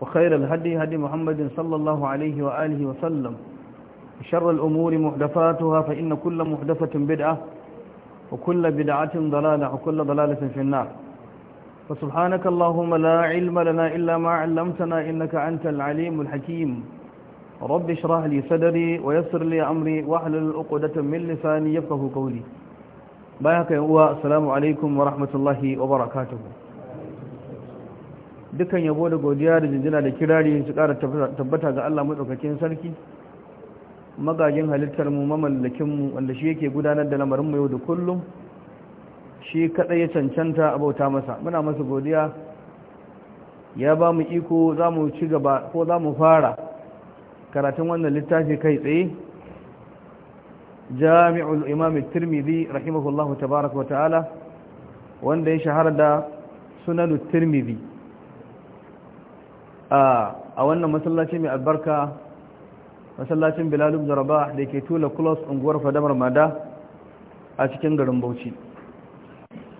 وخير الهدي هدي محمد صلى الله عليه وآله وسلم شر الأمور محدثاتها فإن كل محدثة بدعة وكل بدعة ضلالة وكل ضلالة في النار فسبحانك اللهم لا علم لنا إلا ما علمتنا إنك أنت العليم الحكيم رب اشرح لي صدري ويسر لي أمري واحلل عقدة من لساني يفقه قولي بايعك يا السلام عليكم ورحمة الله وبركاته dukan yabo da godiya da jinjina da kirari su ƙara tabbata ga Allah maɗaukakin sarki magagin halittar mu mamallakin mu wanda shi yake gudanar da lamarin mu yau da kullum shi kaɗai ya cancanta abauta masa muna masa godiya ya ba mu iko za mu ci gaba ko za mu fara karatun wannan littafi kai tsaye jami'ul imam tirmidhi rahimahullahu tabaraka wa ta'ala wanda ya shahara da sunanu tirmidhi a wannan masallaci mai albarka masallacin bilal ibn rabah da ke tula kulos unguwar fadamar mada a cikin garin bauchi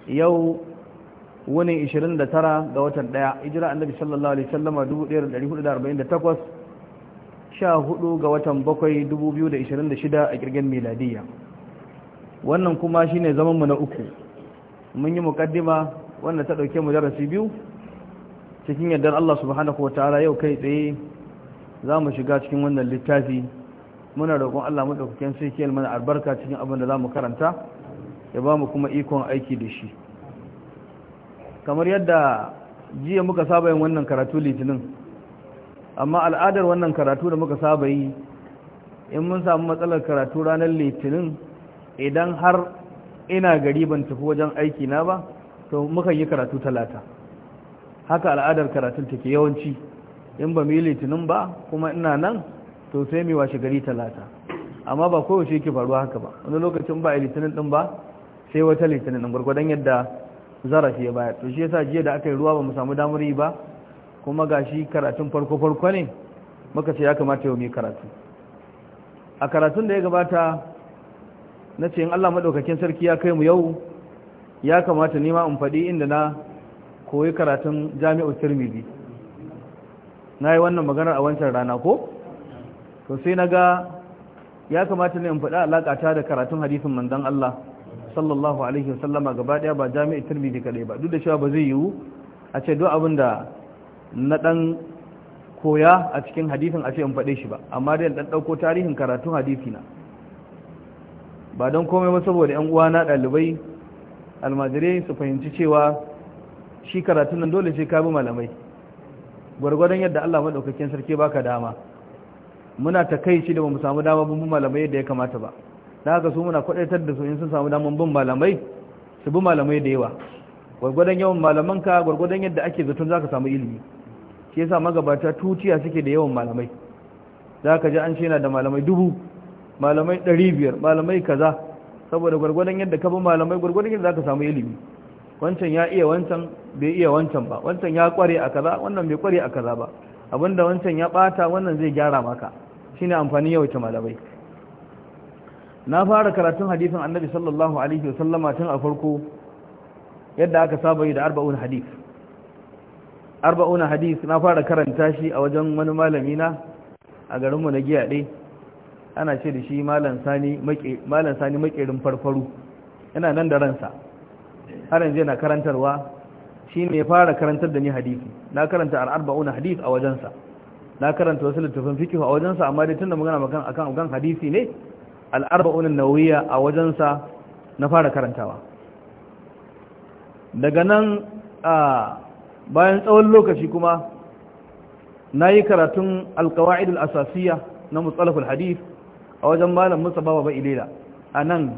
yau wani 29 ga watan 1 ijira annabi sallallahu alaihi wasallam 1448 14 ga watan 7 2026 a kirgin miladiyya wannan kuma shine zaman mu na uku mun yi muqaddima wanda ta dauke mu darasi biyu cikin yardar Allah subhanahu Wa ta'ala yau kai tsaye za mu shiga cikin wannan littafi muna roƙon Allah maɗaukakin sai ke mana albarka cikin abin da za mu karanta ya ba mu kuma ikon aiki da shi kamar yadda jiya muka saba yin wannan karatu litinin amma al'adar wannan karatu da muka saba yi in mun samu matsalar karatu ranar litinin idan har ina gari ban tafi wajen aiki na ba to muka yi karatu talata haka al'adar karatun take yawanci in ba mu yi litinin ba kuma ina nan to sai mu washe gari talata amma ba shi yake faruwa haka ba wani lokacin ba a litinin din ba sai wata litinin din gwargwadon yadda zarafi ya bayar to shi yasa jiya da aka yi ruwa ba mu samu damar yi ba kuma gashi karatun farko farko ne muka ce ya kamata yau mu karatu a karatun da ya gabata na ce in Allah madaukakin sarki ya kai mu yau ya kamata nima in faɗi inda na koyi karatun jami'ar tirmidhi na yi wannan maganar a wancan rana ko? to sai na ga ya kamata ne in faɗi alaƙata da karatun hadisin mandan Allah sallallahu alaihi wasallama gaba ɗaya ba jami'ar tirmidhi kaɗai ba duk da cewa ba zai yiwu a ce duk abin da na ɗan koya a cikin hadisin a ce in faɗe shi ba amma dai ɗan ɗauko tarihin karatun hadisi na ba don komai ba saboda 'yan uwa na ɗalibai almajirai su fahimci cewa shi karatun nan dole sai ka bi malamai gwargwadon yadda Allah maɗaukakin sarki baka dama muna ta kai shi da mu samu dama bin malamai yadda ya kamata ba da haka su muna kwadaitar da su in sun samu daman bin malamai su bi malamai da yawa gwargwadon yawan malamanka gwargwadon yadda ake zaton zaka samu ilimi shi yasa magabata tutiya suke da yawan malamai za ka ji an shi yana da malamai dubu malamai ɗari biyar malamai kaza saboda gwargwadon yadda ka bi malamai gwargwadon yadda za ka samu ilimi wancan ya iya wancan bai iya wancan ba wancan ya kware a kaza wannan bai kware a kaza ba abinda wancan ya bata wannan zai gyara maka shine amfani yau ta malamai na fara karatun hadisin annabi sallallahu alaihi wasallama tun a farko yadda aka saba yi da arba'un hadis arba'un hadis na fara karanta shi a wajen wani malami na a garinmu na giya dai ana ce da shi malam sani makerin farfaru yana nan da ransa har yanzu yana karantarwa shi ne fara karantar da ni hadisi na karanta al'arba'una hadis a wajensa na karanta wasu littafin fikihu a wajensa amma dai tunda magana akan akan hadisi ne al'arba'una nawiya a wajensa na fara karantawa daga nan a bayan tsawon lokaci kuma na yi karatun alkawa'idul asasiya na mutsalafin hadis a wajen malam musa baba ba ilela a nan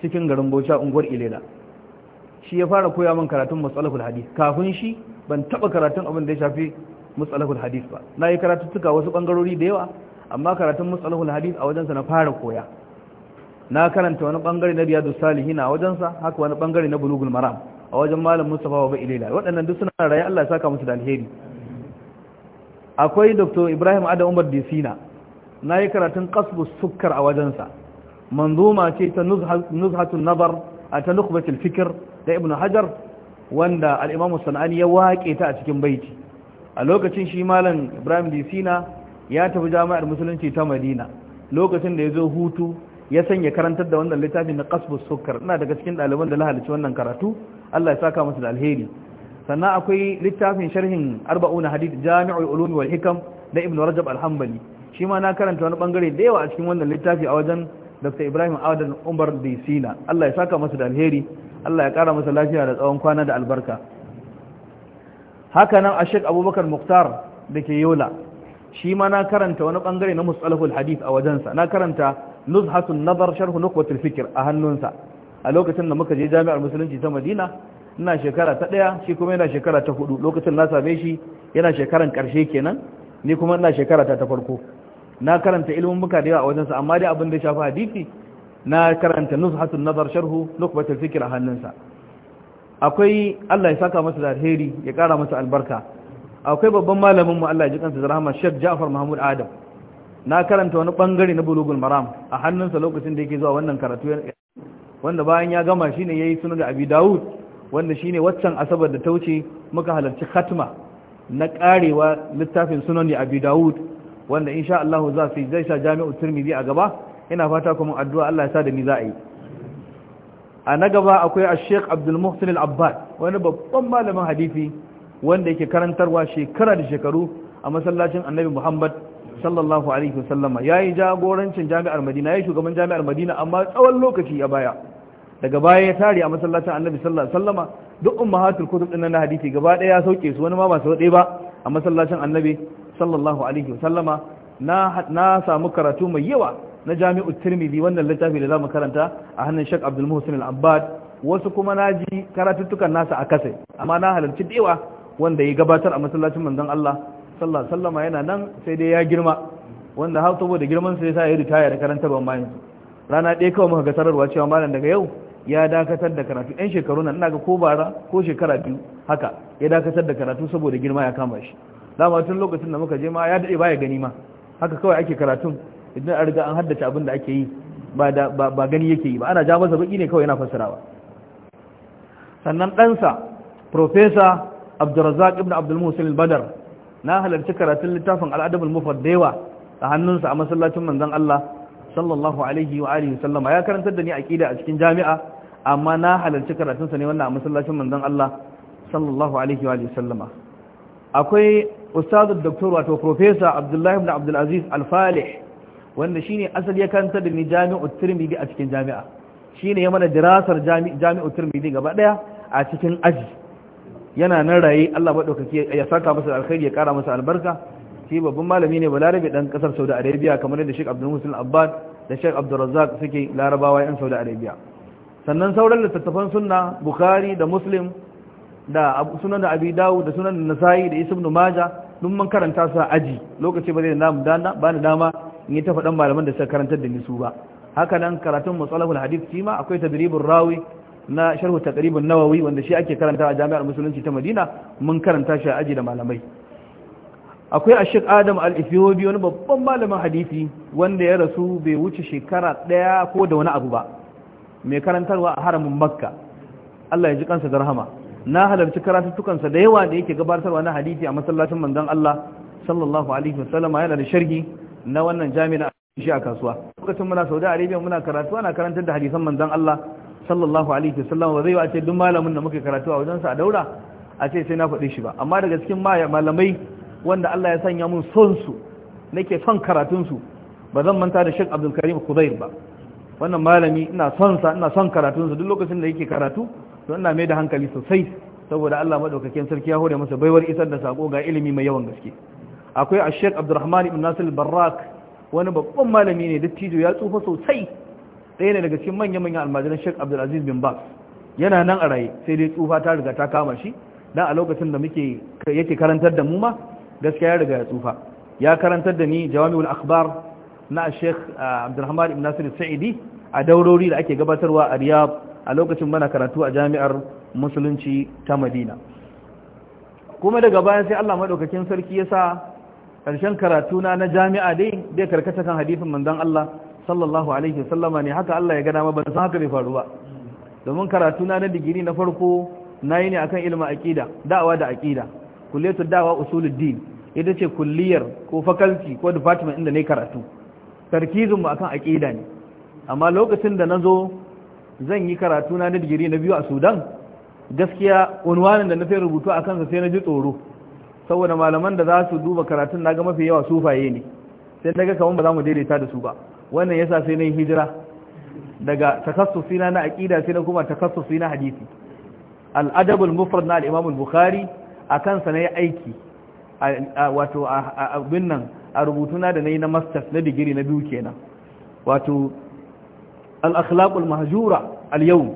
cikin garin bauchi unguwar ilela shi ya fara koya min karatun matsalakul hadith kafin shi ban taba karatun abin da ya shafi matsalakul hadith ba na yi karatuttuka wasu bangarori da yawa amma karatun matsalakul hadith a wajensa na fara koya na karanta wani bangare na riyadu salihina a wajensa haka wani bangare na bulugul maram a wajen malam mustafa wa ilila wadannan duk suna raye Allah ya saka musu da alheri akwai dr ibrahim adam umar disina na yi karatun kasbu sukkar a wajensa manzuma ce ta nuzhatun nabar a ta nukbatul fikir da ibn hajar wanda al'imamu sana'ani ya waƙe ta a cikin baiti a lokacin shi malam ibrahim disina ya tafi jami'ar musulunci ta madina lokacin da ya zo hutu ya sanya karantar da wannan littafin na kasbus sukar ina daga cikin ɗaliban da lahalci wannan karatu allah ya saka masu da alheri sannan akwai littafin sharhin arba'u na hadith jami'ul ulumi wal hikam da ibn rajab al-hanbali shi ma na karanta wani bangare da yawa a cikin wannan littafi a wajen dr ibrahim adan umar disina allah ya saka masa da alheri allah ya kara masa lafiya da tsawon kwana da albarka haka nan shek abubakar muktar da ke yola shi ma na karanta wani bangare na musalahul hadith a wajensa na karanta nuzhatun nazar sharhu nukwatul fikir a hannunsa a lokacin da muka je jami'ar musulunci ta madina ina shekara ta ɗaya shi kuma yana shekara ta hudu lokacin na same shi yana shekaran ƙarshe kenan ni kuma ina shekara ta ta farko na karanta ilimin muka da yawa a wajensa amma dai abin da shafi hadisi na karanta nuzhatun nazar sharhu nukbatul fikr a hannunsa akwai Allah ya saka masa alheri ya kara masa albarka akwai babban malamin mu Allah ya ji kansa da rahama Sheikh Ja'far Mahmud Adam na karanta wani bangare na bulugul maram a hannunsa lokacin da yake zuwa wannan karatu wanda bayan ya gama shine yayi sunan da Abi Dawud wanda shine waccan asabar da ta wuce muka halarci khatma na karewa littafin sunan da Abi Dawud wanda insha Allah za su zai sha jami'u turmizi a gaba ina fata kuma addu'a Allah ya sa da ni za a yi a na gaba akwai ash-sheikh Abdul Muhsin al-Abbad wani babban malamin hadisi wanda yake karantarwa shekara da shekaru a masallacin Annabi Muhammad sallallahu alaihi wasallama yayi jagorancin jami'ar Madina yayi shugaban jami'ar Madina amma tsawon lokaci a baya daga baya ya tare a masallacin Annabi sallallahu alaihi wasallama duk ummahatul kutub din na hadisi gaba daya ya sauke su wani ma ba sau ɗaya ba a masallacin Annabi sallallahu alaihi wasallama na na samu karatu mai yawa na jami'u tirmidhi wannan littafi da zamu karanta a hannun Sheikh Abdul Muhsin Al-Abbad wasu kuma naji karatuttukan nasa a kasai amma na halarci dewa wanda ya gabatar a masallacin manzon Allah sallallahu alaihi wasallama yana nan sai dai ya girma wanda har da girman sa yasa ya ritaya da karantarwa ma rana ɗaya kawai muka ga sararwa cewa malam daga yau ya dakatar da karatu ɗan shekaru nan ina ga ko bara ko shekara biyu haka ya dakatar da karatu saboda girma ya kama shi dama tun lokacin da muka je ma ya daɗe baya gani ma haka kawai ake karatun idan an riga an haddace abin da ake yi ba gani yake yi ba ana ja masa baki ne kawai yana fassarawa sannan ɗansa profesa abdurrazak ibn abdulmusul badar na halarci karatun littafin al'adabul mufar da yawa a hannunsa a masallacin manzon Allah sallallahu alaihi wa alihi sallama ya karantar da ni aqida a cikin jami'a amma na halarci karatunsa ne wannan a masallacin manzon Allah sallallahu alaihi wa alihi sallama akwai ustazu doktor wato professor abdullahi ibn abdulaziz al-falih wanda shine asali ya kanta da ni jami'ut tirmidhi a cikin jami'a shine ya mana dirasar jami'ut tirmidhi gaba daya a cikin aji yana nan raye Allah madaukake ya saka masa alkhairi ya kara masa albarka shi babban malami ne balarabe dan kasar Saudi Arabia kamar da Sheikh Abdul Muslim Abbad da Sheikh Abdul Razzaq suke larabawa yan Saudi Arabia sannan sauran littattafan sunna Bukhari da Muslim da sunan da Abi Dawud da sunan Nasa'i da Ibn Majah dun mun karanta su a aji lokaci ba zai namu dana ba ni dama in yi ta faɗan malaman da suka karantar da ni su ba haka nan karatun matsalahul hadith shi ma akwai tadribin rawi na sharhu taqribun nawawi wanda shi ake karanta a jami'ar musulunci ta Madina mun karanta shi a aji da malamai akwai ashik adam al ifiyobi wani babban malamin hadisi wanda ya rasu bai wuce shekara ɗaya ko da wani abu ba mai karantarwa a haramin makka Allah ya ji kansa da rahama na halarci karatuttukansa da yawa da yake gabatarwa na hadisi a masallacin manzon Allah sallallahu alaihi wasallam yana da sharhi na wannan jami'a shi a kasuwa lokacin muna Saudi Arabia muna karatu ana karantar da hadisan manzon Allah sallallahu alaihi wasallam wa zai yi a ce duk malamin da muke karatu a wajensa a daura a ce sai na faɗi shi ba amma daga cikin malamai wanda Allah ya sanya mun son su nake son karatun su ba zan manta da Sheikh Abdul Karim Khudair ba wannan malami ina son sa ina son karatun sa duk lokacin da yake karatu don ina mai da hankali sosai saboda Allah madaukakin sarki ya hore masa baiwar isar da sako ga ilimi mai yawan gaske akwai Sheikh Abdulrahman ibn Nasir Barrak wani babban malami ne dattijo ya tsufa sosai ɗaya ne daga cikin manyan manyan almajiran Sheikh Abdulaziz bin bas yana nan a raye sai dai tsufa ta riga ta kama shi dan a lokacin da muke yake karantar da mu ma gaskiya ya riga ya tsufa ya karantar da ni Jawami'ul Akhbar na Sheikh ah, Abdulrahman ibn Nasir Sa'idi a daurori da ake gabatarwa a Riyadh a lokacin mana karatu a jami'ar musulunci ta madina kuma daga bayan sai allah maɗaukakin sarki ya sa ƙarshen karatuna na jami'a dai bai karkata kan hadisin manzon allah sallallahu alaihi wasallama ne haka allah ya gana ma ban san haka bai faru ba domin karatuna na digiri na farko na yi ne akan ilimin aƙida da'awa da aƙida kulletu da'awa usuluddin ita ce kulliyar ko faculty ko department inda na yi karatu tarkizinmu akan aƙida ne amma lokacin da na zo zan yi karatu na na digiri na biyu a sudan gaskiya unwanin da na sai rubutu a kansa sai na ji tsoro saboda malaman da za su duba karatun na ga mafi yawa sufaye ne sai na ga kamar ba za mu daidaita da su ba wannan yasa sai na yi hijira daga takassusi na na aqida sai na kuma takassusi na hadisi al-adab al-mufrad na al-imam al-bukhari akan sa nayi aiki wato a nan a rubutuna da nayi na masters na digiri na biyu kenan wato al-akhlaqul mahjura al-yawm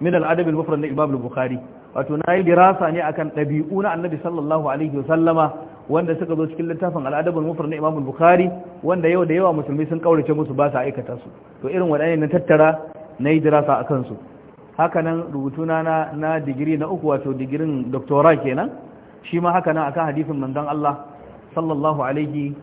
min al-adab al-mufrad na Imam al-Bukhari wato nayi dirasa ne akan dabi'u na Annabi sallallahu alaihi wasallama wanda suka zo cikin littafin al-adab al-mufrad na Imam al-Bukhari wanda yau da yawa musulmi sun kaurace musu ba sa aikata su to irin wadannan na tattara nayi dirasa akan su haka rubutuna na digiri na uku wato digirin doctora kenan shi ma haka nan akan hadisin manzon Allah sallallahu alaihi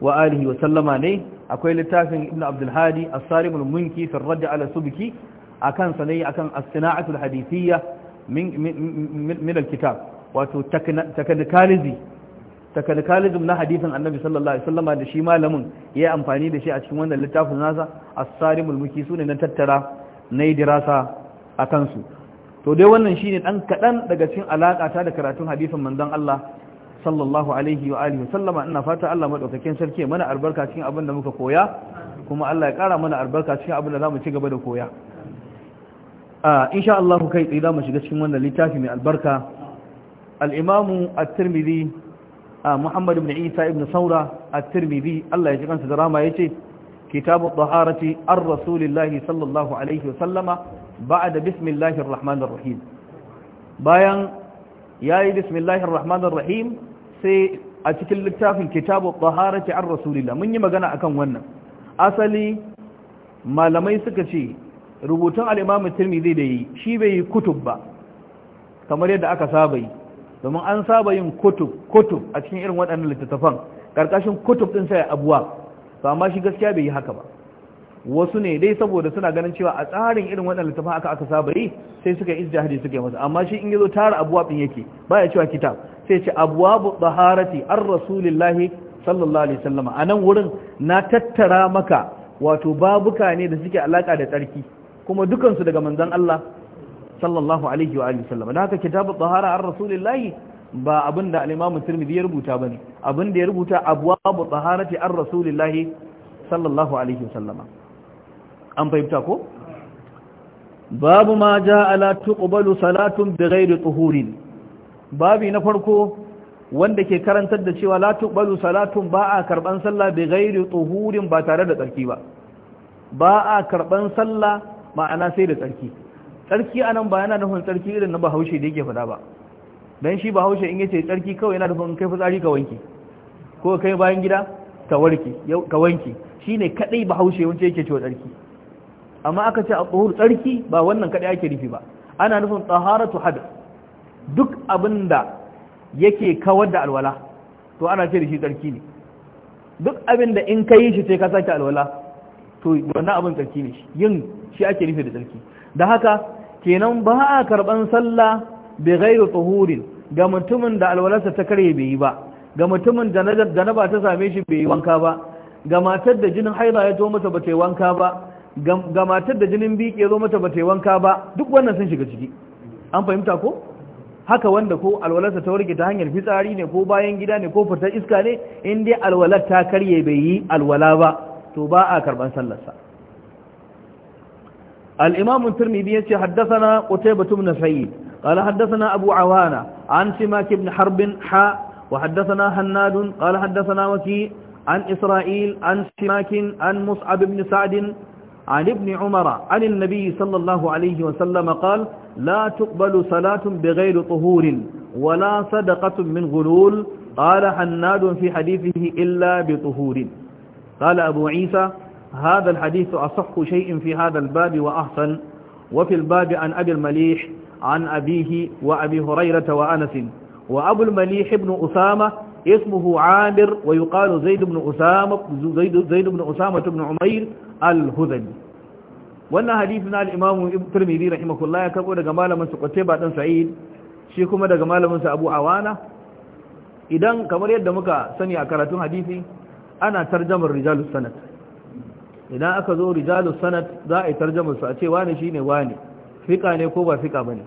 wa sallama ne akwai littafin ibn abdulhadi a sarimul munki fi radd ala a akan sanai a as-sina'atul hadithiyya min kitab wato technicalism na hadithin annabi sallallahu alaihi da shi malamin yayi amfani da shi a cikin wannan littafin nasa as-sarimul munki sune na tattara nayi dirasa a kansu. to dai wannan shine dan kadan daga cikin alakata ta da karatun hadisin manzon Allah sallallahu alaihi wa alihi sallama ina fata Allah madaukakin sarki mana albarka cikin abin da muka koya kuma Allah ya kara mana albarka cikin abin da zamu ci gaba da koya a insha Allah kai tsaye zamu shiga cikin wannan littafi mai albarka al-Imam at-Tirmidhi Muhammad ibn Isa ibn Saura at-Tirmidhi Allah ya ji kansa da rama yace kitabu at-taharati ar-rasulillahi sallallahu alaihi wa sallama ba'da bismillahir rahmanir rahim bayan ya yi bismillahir rahmanir rahim sai a cikin littafin kitabu taharati an rasulillah mun yi magana akan wannan asali malamai suka ce rubutun al'imamu tirmidhi da yi shi bai yi kutub ba kamar yadda aka saba yi domin an saba yin kutub kutub a cikin irin waɗannan littattafan karkashin kutub ɗin sai abuwa to amma shi gaskiya bai yi haka ba wasu ne dai saboda suna ganin cewa a tsarin irin waɗannan littafin aka aka saba yi sai suka yi ijtihadi suka yi masa amma shi in yazo tara abuwa din yake baya cewa kitab sai ce abuwa abwabu taharati ar rasulillahi sallallahu alaihi wasallam anan wurin na tattara maka wato babuka ne da suke alaka da tsarki kuma dukansu daga manzon Allah sallallahu alaihi wa sallam da haka kitabu tahara an rasulillahi ba abin da al'imamu turmidi ya rubuta ba ne abin da ya rubuta abuwa bu taharati an rasulillahi sallallahu alaihi wa sallama an fahimta ko babu ma ja ala tuqbalu salatun bighairi tuhurin babi na farko wanda ke karantar da cewa la tuqbalu salatun ba a karban sallah bighairi tuhurin ba tare da tsarki ba ba a karban sallah ma'ana sai da tsarki tsarki anan ba yana nufin tsarki irin na bahaushe da yake fada ba dan shi bahaushe in yace tsarki kawai yana nufin kai fitsari ka wanke ko kai bayan gida ka warke ka wanke shine kadai bahaushe wanda yake cewa tsarki amma aka ce a tsohur tsarki ba wannan kaɗai ake nufi ba ana nufin tsaharatu hada duk abin da yake kawar da alwala to ana ce da shi tsarki ne duk abin da in ka yi shi sai ka sake alwala to wannan abin tsarki ne yin shi ake nufi da tsarki da haka kenan ba a karɓan sallah bi ghairu tsohurin ga mutumin da alwalarsa ta karye bai yi ba ga mutumin da na ba ta same shi bai yi wanka ba ga matar da jinin haila ya zo mata ba ta yi wanka ba ga matar da jinin biki ya zo mata ba yi wanka ba duk wannan sun shiga ciki an fahimta ko haka wanda ko alwalarsa ta warke ta hanyar fitsari ne ko bayan gida ne ko fitar iska ne in dai alwalar ta karye bai yi alwala ba to ba a karban sallarsa الإمام الترمذي يتي حدثنا قتيبة بن سعيد قال حدثنا أبو عوانة عن سماك بن حرب حاء وحدثنا هناد قال حدثنا وكي عن إسرائيل عن سماك عن مصعب بن سعد عن ابن عمر عن النبي صلى الله عليه وسلم قال لا تقبل صلاة بغير طهور ولا صدقة من غلول قال حناد في حديثه إلا بطهور قال أبو عيسى هذا الحديث أصح شيء في هذا الباب وأحسن وفي الباب عن أبي المليح عن أبيه وأبي هريرة وأنس وأبو المليح بن أسامة اسمه عامر ويقال زيد بن أسامة زيد, زيد بن أسامة بن عمير al-huzali wannan hadisi na al imam Tirmidhi rahimahullah ya karbo daga malamin su qutayba dan sa'id shi kuma daga malamin su abu awana idan kamar yadda muka sani a karatun hadisi ana tarjamar rijalus sanad idan aka zo rijalus sanad za a yi tarjamar su a ce wani shine wani fika ne ko ba fika bane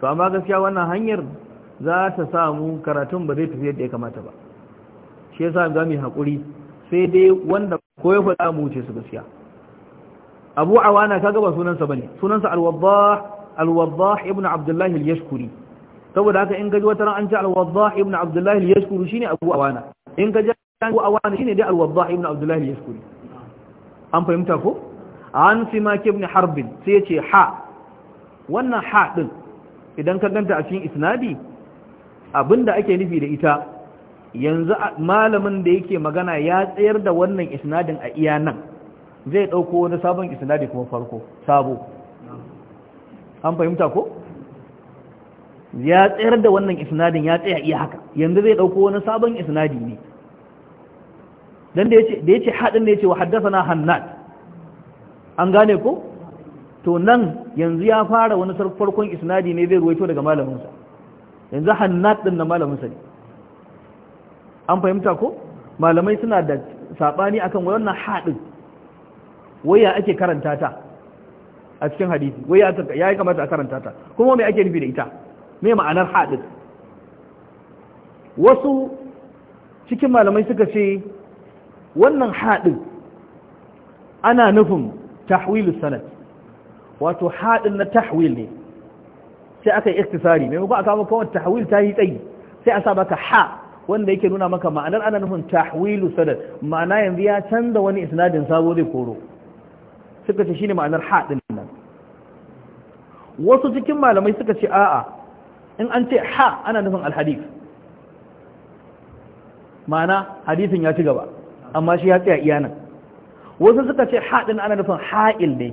to amma gaskiya wannan hanyar za ta samu karatun ba zai tafi yadda ya kamata ba shi yasa ga mu hakuri sai dai wanda ko ya faɗa mu wuce su gaskiya abu awana ka gaba sunansa bane sunansa al-waddah ibn abdullah al-yashkuri saboda haka in gaji wata ran an ci al-waddah ibn abdullah al-yashkuri shine abu awana in ka ji abu awana shine dai al-waddah ibn abdullah al-yashkuri an fahimta ko an fi simak ibn harb sai yace ha wannan ha din idan ka ganta a cikin isnadi abinda ake nufi da ita yanzu malamin da yake magana ya tsayar da wannan isnadin a iya nan zai ɗauko wani sabon isnadi kuma farko sabo an fahimta ko ya tsayar da wannan isnadin ya tsaya iya haka yanzu zai ɗauko wani sabon isnadi ne dan da ya ce haɗin da ya ce wa haddasa na hannad an gane ko to nan yanzu ya fara wani farkon isnadi ne zai ruwaito daga malaminsa yanzu hannad ɗin na malaminsa ne an fahimta ko malamai suna da saɓani akan wannan haɗin waya ake karanta ta a cikin hadisi waya ya yi kamata a karanta ta kuma me ake nufi da ita me ma'anar haɗin wasu cikin malamai suka ce wannan haɗin ana nufin tahwilu sanad wato haɗin na tahwil ne sai aka yi iktisari mai a kama kawai tahwil ta yi tsayi sai a sa maka ha wanda yake nuna maka ma'anar ana nufin tahwilu sanad ma'ana yanzu ya canza wani isnadin sabo zai koro suka ce shine ma'anar haɗin nan wasu cikin malamai suka ce a'a in an ce ha ana nufin alhadif ma'ana hadisin ya ci gaba amma shi ya tsaya iyanan wasu suka ce haɗin ana nufin ha'il ne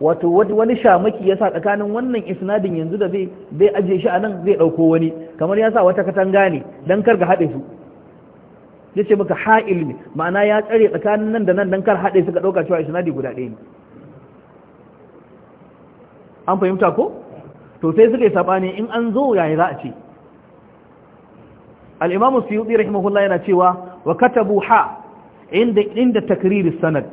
wato wani shamaki ya sa tsakanin wannan isnadin yanzu da zai ajiye shi a nan zai ɗauko wani kamar ya sa wata katanga ne don kar ga haɗe su ya ce maka ha'il ne ma'ana ya tsare tsakanin nan da nan don kar haɗe suka ɗauka cewa isnadi guda ɗaya ne an fahimta ko to sai suka yi sabani in an zo yayi za a ce al-imam suyuti rahimahullah yana cewa wa katabu ha inda inda takrir sanad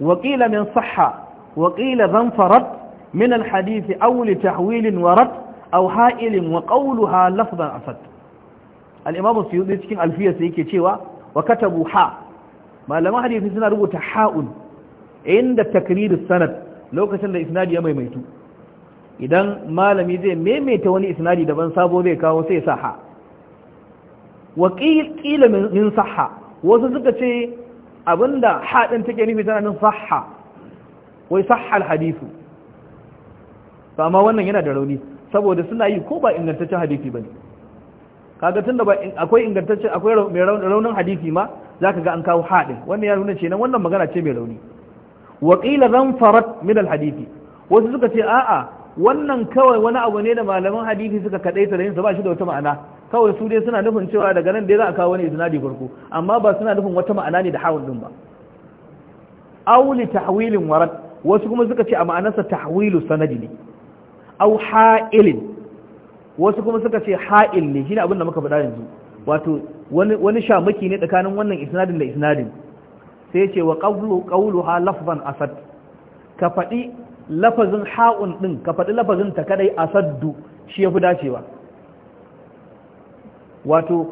wa qila min sahha wa qila dhanfarat min al-hadith aw li tahwil wa rad aw ha'il wa qawluha lafzan asad al-imam suyuti cikin alfiya sai yake cewa wa katabu ha malaman hadisi suna rubuta ha'un inda takrir sanad lokacin da isnadi ya maimaitu idan malami zai maimaita wani isnadi daban sabo zai kawo sai saha wa qila min saha wasu suka ce abinda hadin take nufi tana nan saha wai saha alhadisu amma wannan yana da rauni saboda suna yi ko ba ingantaccen hadisi bane kaga tunda ba akwai ingantaccen akwai mai raunin hadisi ma zaka ga an kawo hadin wannan ya nuna kenan wannan magana ce mai rauni wa qila zan farat min alhadisi wasu suka ce a'a wannan kawai wani abu ne da malaman hadisi suka kadai da yin ba shi da wata ma'ana kawai su dai suna nufin cewa daga nan dai za a kawo wani isnadi farko amma ba suna nufin wata ma'ana ne da hawun din ba aw li tahwilin warad wasu kuma suka ce a ma'anarsa tahwilu sanadi ne aw ha'ilin wasu kuma suka ce ha'il ne shine abin da muka faɗa yanzu wato wani wani shamaki ne tsakanin wannan isnadin da isnadin sai ya ce wa qawlu qawluha lafzan asad ka faɗi lafazin ha'un ɗin ka faɗi lafazin ta kadai a saddu shi ya fi dacewa wato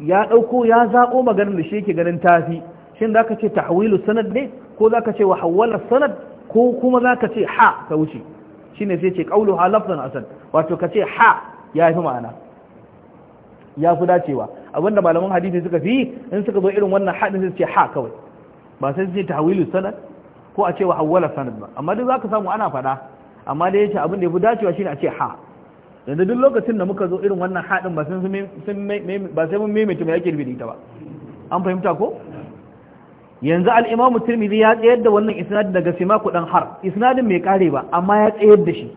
ya ɗauko ya zaɓo maganin da shi yake ganin tafi shi za ka ce tahwilu sanad ne ko za ka ce wa hawwala sanad ko kuma za ka ce ha ka wuce shi ne sai ce ƙaulu ha lafazin asad wato ka ce ha ya fi ma'ana ya fi dacewa abinda malaman hadisi suka fi in suka zo irin wannan haɗin sai ce ha kawai ba sai su ce tahwilu sanad ko a ce wa awwala sanad ba amma duk zaka samu ana fada amma da yace abin da yafi dacewa shine a ce ha yanzu duk lokacin da muka zo irin wannan haɗin ba sun ba sai mun maimaita mai yake rubuta ita ba an fahimta ko yanzu al-imamu tirmidhi ya tsayar da wannan isnad daga ku dan har isnadin mai kare ba amma ya tsayar da shi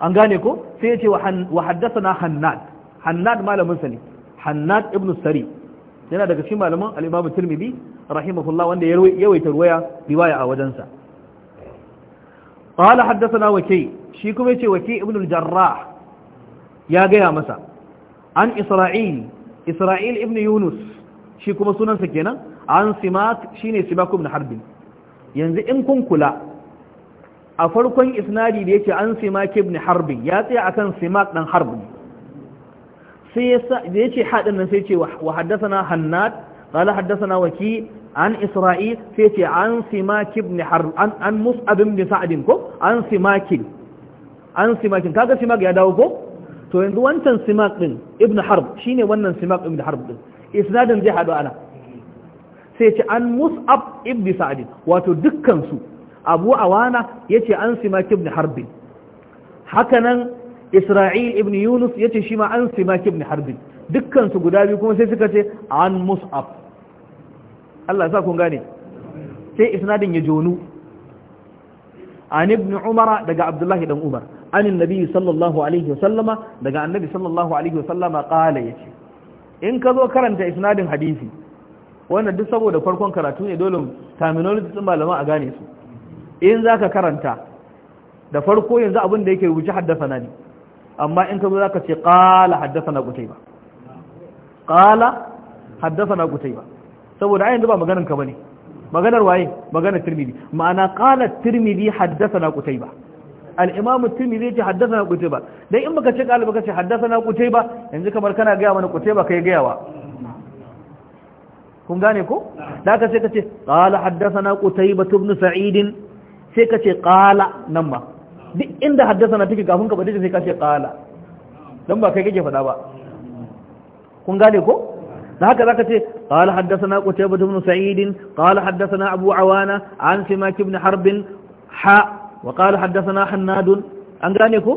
an gane ko sai ya ce wa haddathana hannad hannad malamin sani hannad ibnu sari yana daga cikin malaman al-Imam Tirmidhi rahimahullah wanda yawaita ruwaya riwaya a wajensa qala haddathana waki shi kuma yace waki ibn al-Jarrah ya gaya masa an Isra'il Isra'il ibn Yunus shi kuma sunansa kenan an Simak shine Simak ibn Harb yanzu in kun kula a farkon isnadi da yake an Simak ibn Harb ya tsaya akan Simak dan Harb sai ya ce da yace hadin nan sai ce wa haddathana hannad qala haddathana waki an isra'il sai ce an simak an an mus'ab ibn sa'd ko an simakin an simak kaga simak ya dawo ko to yanzu wancan simak din ibn harb shi ne wannan simak ibn harb din isnadin zai hadu ana sai ce an mus'ab ibn sa'd wato dukkansu su abu awana yace an simak ibn harb hakanan Isra'il ibn Yunus yace shi ma an Simak ibn Harbin dukkan su guda biyu kuma sai suka ce an Mus'ab Allah sa kun gane sai isnadin ya jonu an ibn Umar daga Abdullahi dan Umar an annabi sallallahu alaihi wasallama daga annabi sallallahu alaihi wasallama qala yace in ka zo karanta isnadin hadisi wannan duk saboda farkon karatu ne dole terminology din malama a gane su in zaka karanta da farko yanzu abin da yake rubuce haddasa na ne amma in ka zo zaka ce qala haddathana qutayba qala haddathana qutayba saboda ayin yanzu ba maganar ka bane maganar waye maganar tirmidhi ma'ana qala tirmidhi haddathana qutayba al-imam at-tirmidhi ce haddathana qutayba dan in baka ce qala baka ce haddathana qutayba yanzu kamar kana ga mana qutayba kai ga yawa kun gane ko da ka sai ce qala haddathana qutayba ibn sa'id sai ce qala nan ba. duk inda haddasa na take kafin ka bada sai ka ce qala dan ba kai kake faɗa ba kun gane ko da haka zaka ce qala haddathana qutaybah ibn sa'id qala haddathana abu awana an simak ibn harb ha wa qala haddathana hannad an gane ko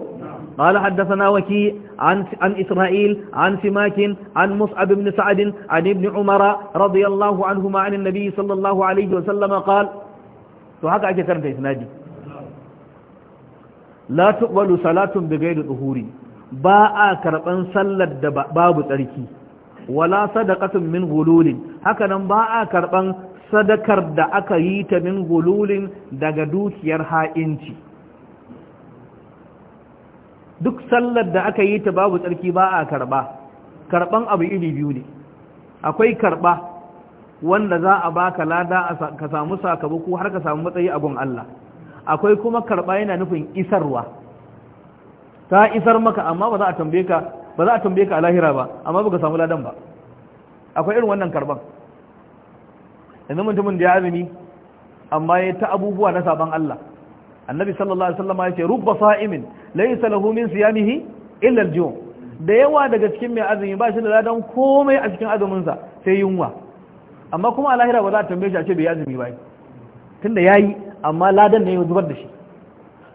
قال حدثنا وكيع عن عن إسرائيل عن سماك عن مصعب بن سعد عن ابن عمر رضي الله عنهما عن النبي صلى الله عليه وسلم قال وهكذا كثرت إسنادي la tuqbalu salatun bighayri duhuri ba a karban sallar da babu tsarki wala sadaqatun min gululin haka nan ba a karban sadakar da aka yi ta min gululin daga dukiyar ha'inci duk sallar da aka yi ta babu tsarki ba a karba karban abu iri biyu ne akwai karba wanda za a baka lada ka samu sakamako har ka samu matsayi a gun Allah akwai kuma karɓa yana nufin isarwa ta isar maka amma ba za a tambaye ka ba za a tambaye ka a lahira ba amma baka samu ladan ba akwai irin wannan karban yanzu mutumin da ya azumi amma ya ta abubuwa na sabon Allah annabi sallallahu alaihi wasallam ya ce rubba sa'imin laysa lahu min siyamihi illa al-ju' da yawa daga cikin mai azumi ba shi da ladan komai a cikin azumin sa sai yunwa amma kuma a lahira ba za a tambaye shi a ce bai azumi ba tunda yayi amma ladan ne ya zubar da shi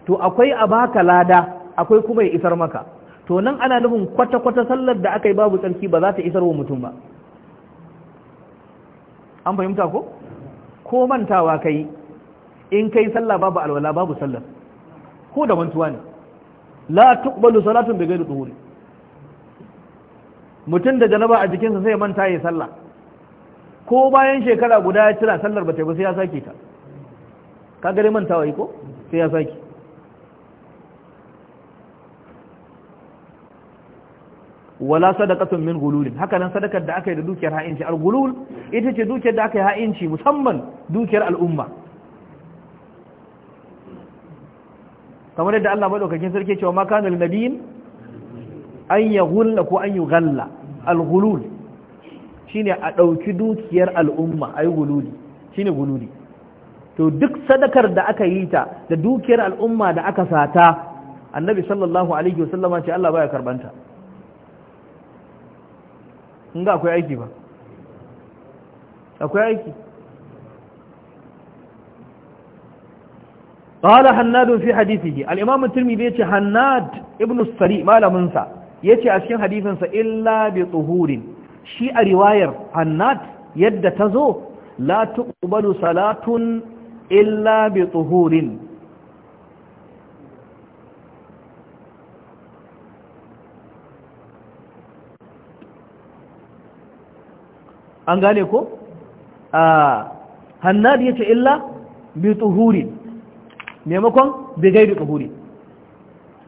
to akwai a baka lada akwai kuma ya isar maka to nan ana nufin kwata-kwata sallar da aka yi babu tsarki ba za ta isar wa mutum ba an fahimta ko ko mantawa kai in kai sallah babu alwala babu sallar ko da mantuwa ne la tuqbalu salatun bi ghairi tuhuri mutum da janaba a jikinsa sai manta ya sallah ko bayan shekara guda ya cira sallar ba ta yi ba sai ya sake ta ka gare mantawa yi ko sai ya saki wala sadaqatun min gululin haka nan sadakar da aka yi da dukiyar ha'inci al-gulul ita ce dukiyar da aka yi ha'inci musamman dukiyar al'umma kamar yadda Allah madaukakin sarki cewa ma kana lin an yaghulla ko an yughalla al-gulul shine a dauki dukiyar al'umma ayi gululi shine gululi to duk sadakar da aka yi ta da dukiyar al'umma da aka sata annabi sallallahu alaihi wasallama ce Allah baya karbanta in ga akwai aiki ba akwai aiki قال حناد في حديثه الامام الترمذي yace hannad ibn as-sari malamin sa yace a cikin hadisin sa illa bi tuhurin shi a riwayar hannad yadda tazo la tuqbalu salatun illa bi tuhurin an gane ko a hannad ya illa bi tuhuri maimakon bi gaibi tuhuri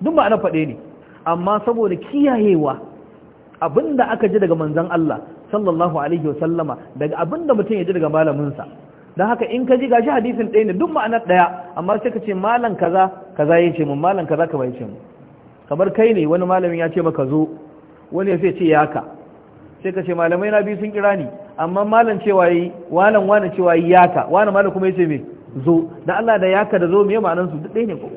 duk ba ana faɗe ne amma saboda kiyayewa abinda aka ji daga manzan Allah sallallahu alaihi wasallama daga abinda mutum ya ji daga malaminsa don haka in ka ji gashi hadisin ɗaya ne duk ma'anar ɗaya amma sai ka ce malam kaza kaza ya ce mun malam kaza ka ya ce mun kamar kai ne wani malamin ya ce maka zo wani ya sai ce ya ka sai ka ce malamai na biyu sun kira ni amma malam cewa yi walan wani cewa yi ya ka wani malam kuma ya ce me zo da Allah da ya ka da zo me ma'anar su duk ɗaya ne ko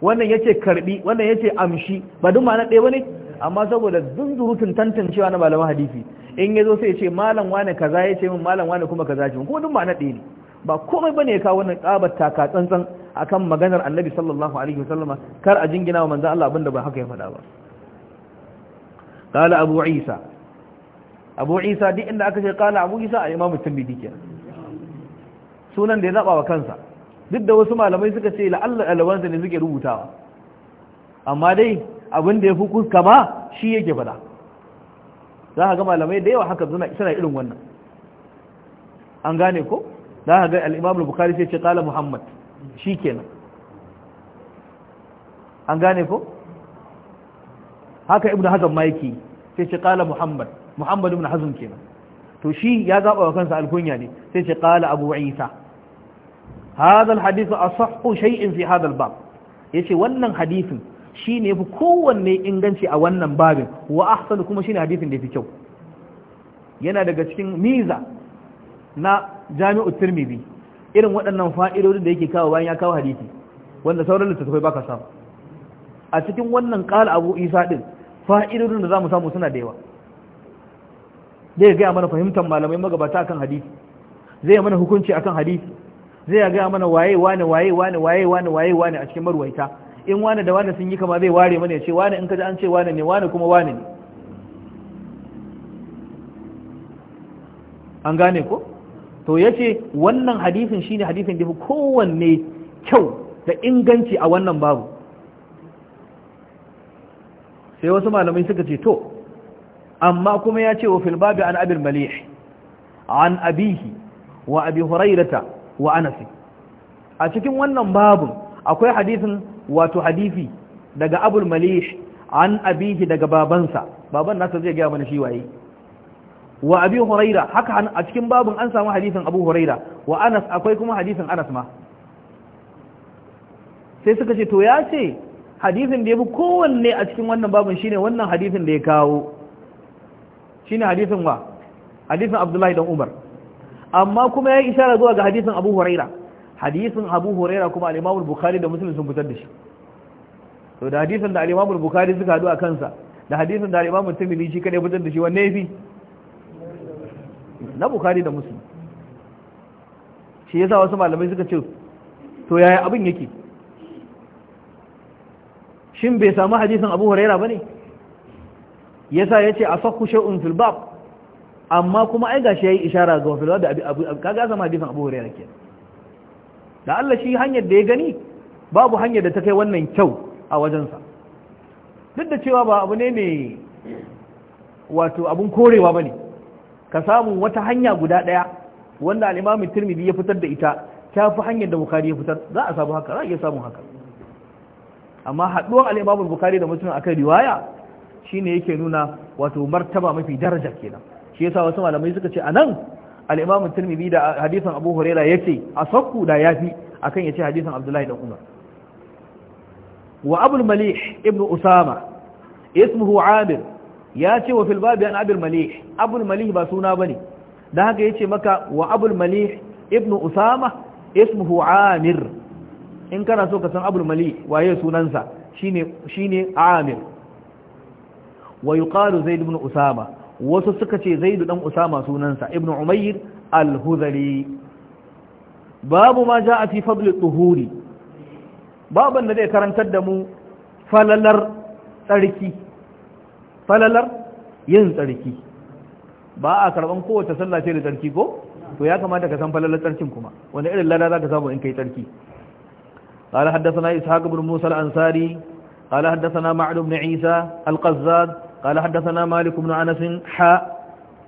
wannan ya ce karbi wannan ya ce amshi ba duk ma'anar ɗaya ba ne amma saboda dunzurutun tantancewa na malaman hadisi in ya zo sai ya ce malam wane kaza ya ce min malam wane kuma kaza ce kuma duk ma'ana ɗaya ne ba komai bane ya kawo wannan ƙabar taka tsantsan akan maganar annabi sallallahu alaihi wasallam kar a jingina wa manzon Allah abinda ba haka ya faɗa ba qala abu isa abu isa duk inda aka ce qala abu isa a imamu tirmidhi kenan sunan da ya zaba wa kansa duk da wasu malamai suka ce la'alla alawansa ne suke rubutawa amma dai abin da ya fi kuskama shi yake faɗa za ka ga malamai da yawa haka suna irin wannan an gane ko za ka ga al'imam al-bukhari sai ce kala muhammad shi kenan an gane ko haka ibn hazan ma sai ce kala muhammad muhammad ibn hazan kenan to shi ya zaba wa kansa alkunya ne sai ce kala abu isa hadha al a asahhu shay'in fi hadal ba, ya ce wannan hadisin shi ne fi kowanne inganci a wannan babin wa ahsanu kuma shi ne hadisin da fi kyau yana daga cikin miza na jami'u Turmibi. irin waɗannan fa'idodin da yake kawo bayan ya kawo hadisi wanda sauran littattafai baka samu a cikin wannan ƙala abu isa ɗin fa'idodin da za mu samu suna da yawa zai gaya mana fahimtar malamai magabata akan hadisi zai mana hukunci akan hadisi zai gaya mana waye wane waye wane waye wane waye wane a cikin marwaita in wane da wani sun yi kama zai ware mana ya ce wani in kaji an ce wani ne wani kuma wani ne an gane ko to ya ce wannan shi shine hadifin da kowanne kyau da inganci a wannan babu sai wasu malamai suka ce to amma kuma ya ce wa filbabi an abin malihi an abihi wa abi hurairata wa anasi a cikin wannan babun akwai hadisin wato hadisi daga abul malish an abihi daga babansa baban nasa zai gaya mana shi waye wa abi huraira haka a cikin babun an samu hadisin abu huraira wa anas akwai kuma hadisin anas ma sai suka ce to ya ce hadisin da ya bi kowanne a cikin wannan babun shine wannan hadisin da ya kawo shine hadisin wa hadisin abdullahi dan umar amma kuma ya yi isharar zuwa ga hadisin abu huraira hadisin abu huraira kuma al'imamul bukari da musulun sun fitar da shi to da hadisin da al'imamul bukari suka haɗu a kansa da hadisin da al'imamul tirmidhi shi kaɗai fitar da shi wanne fi? na bukari da musulun shi yasa wasu malamai suka ce to yaya abin yake shin bai samu hadisin abu huraira ba ne yasa ya ce a fakku sha'un filbab amma kuma ai gashi ya yi ishara ga wafilwa da abu kaga sama hadisin abu huraira kenan da Allah shi hanyar da ya gani babu hanyar da ta kai wannan kyau a wajensa duk da cewa ba abu ne ne wato abun korewa ba ne ka samu wata hanya guda ɗaya wanda al'imamin turmidi ya fitar da ita ta fi hanyar da bukari ya fitar za a samu haka za a iya samun haka amma haɗuwar al'imamin bukari da mutum akan riwaya shi ne yake nuna wato martaba mafi daraja kenan shi yasa wasu malamai suka ce a nan al-imam tirmidhi da hadisin abu huraira yace sakku da yafi akan yace hadisin abdullahi da umar wa abul malih ibn usama ismuhu amir ya ce wa fil an abir malih abul malih ba suna bane dan haka ce maka wa abul malih ibn usama ismuhu amir in kana so ka san abul malih waye sunansa shine shine amir wa yuqalu zaid ibn usama wasu suka ce zaidu ɗan usama sunansa ibn umayr al-hudhali babu ma a fi fadl tuhuri baban da zai karantar da mu falalar tsarki falalar yin tsarki ba a karban kowace sallace da tsarki ko to ya kamata ka san falalar tsarkin kuma wanda irin lada za ka samu in kai tsarki قال حدثنا إسحاق بن موسى الأنصاري قال حدثنا معد بن عيسى القزاد قال حدثنا مالك بن أنس حاء